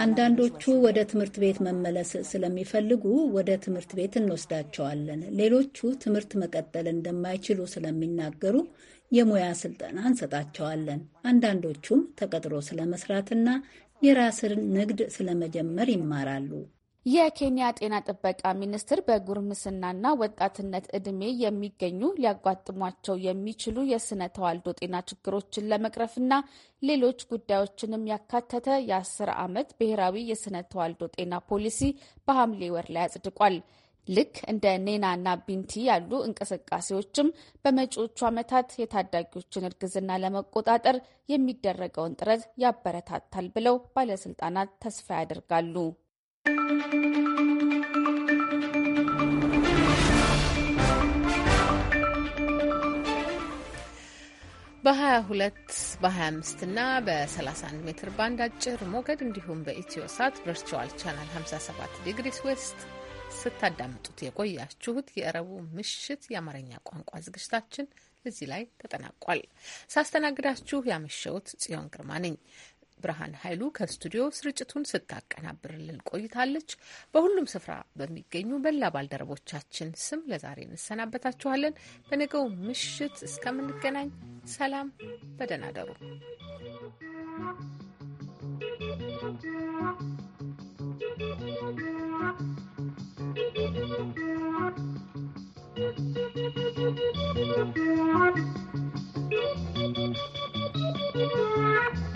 አንዳንዶቹ ወደ ትምህርት ቤት መመለስ ስለሚፈልጉ ወደ ትምህርት ቤት እንወስዳቸዋለን። ሌሎቹ ትምህርት መቀጠል እንደማይችሉ ስለሚናገሩ የሙያ ስልጠና እንሰጣቸዋለን። አንዳንዶቹም ተቀጥሮ ስለመስራትና የራስን ንግድ ስለመጀመር ይማራሉ። የኬንያ ጤና ጥበቃ ሚኒስቴር በጉርምስናና ወጣትነት ዕድሜ የሚገኙ ሊያጓጥሟቸው የሚችሉ የስነ ተዋልዶ ጤና ችግሮችን ለመቅረፍና ሌሎች ጉዳዮችንም ያካተተ የአስር ዓመት ብሔራዊ የስነ ተዋልዶ ጤና ፖሊሲ በሐምሌ ወር ላይ አጽድቋል። ልክ እንደ ኔና እና ቢንቲ ያሉ እንቅስቃሴዎችም በመጪዎቹ ዓመታት የታዳጊዎችን እርግዝና ለመቆጣጠር የሚደረገውን ጥረት ያበረታታል ብለው ባለስልጣናት ተስፋ ያደርጋሉ። በ22 በ25 እና በ31 ሜትር ባንድ አጭር ሞገድ እንዲሁም በኢትዮ ሳት ቨርቹዋል ቻናል 57 ዲግሪስ ዌስት ስታዳምጡት የቆያችሁት የእረቡ ምሽት የአማርኛ ቋንቋ ዝግጅታችን እዚህ ላይ ተጠናቋል። ሳስተናግዳችሁ ያመሸውት ጽዮን ግርማ ነኝ። ብርሃን ኃይሉ ከስቱዲዮ ስርጭቱን ስታቀናብርልን ቆይታለች። በሁሉም ስፍራ በሚገኙ መላ ባልደረቦቻችን ስም ለዛሬ እንሰናበታችኋለን። በነገው ምሽት እስከምንገናኝ ሰላም፣ በደህና ደሩ። Thank you.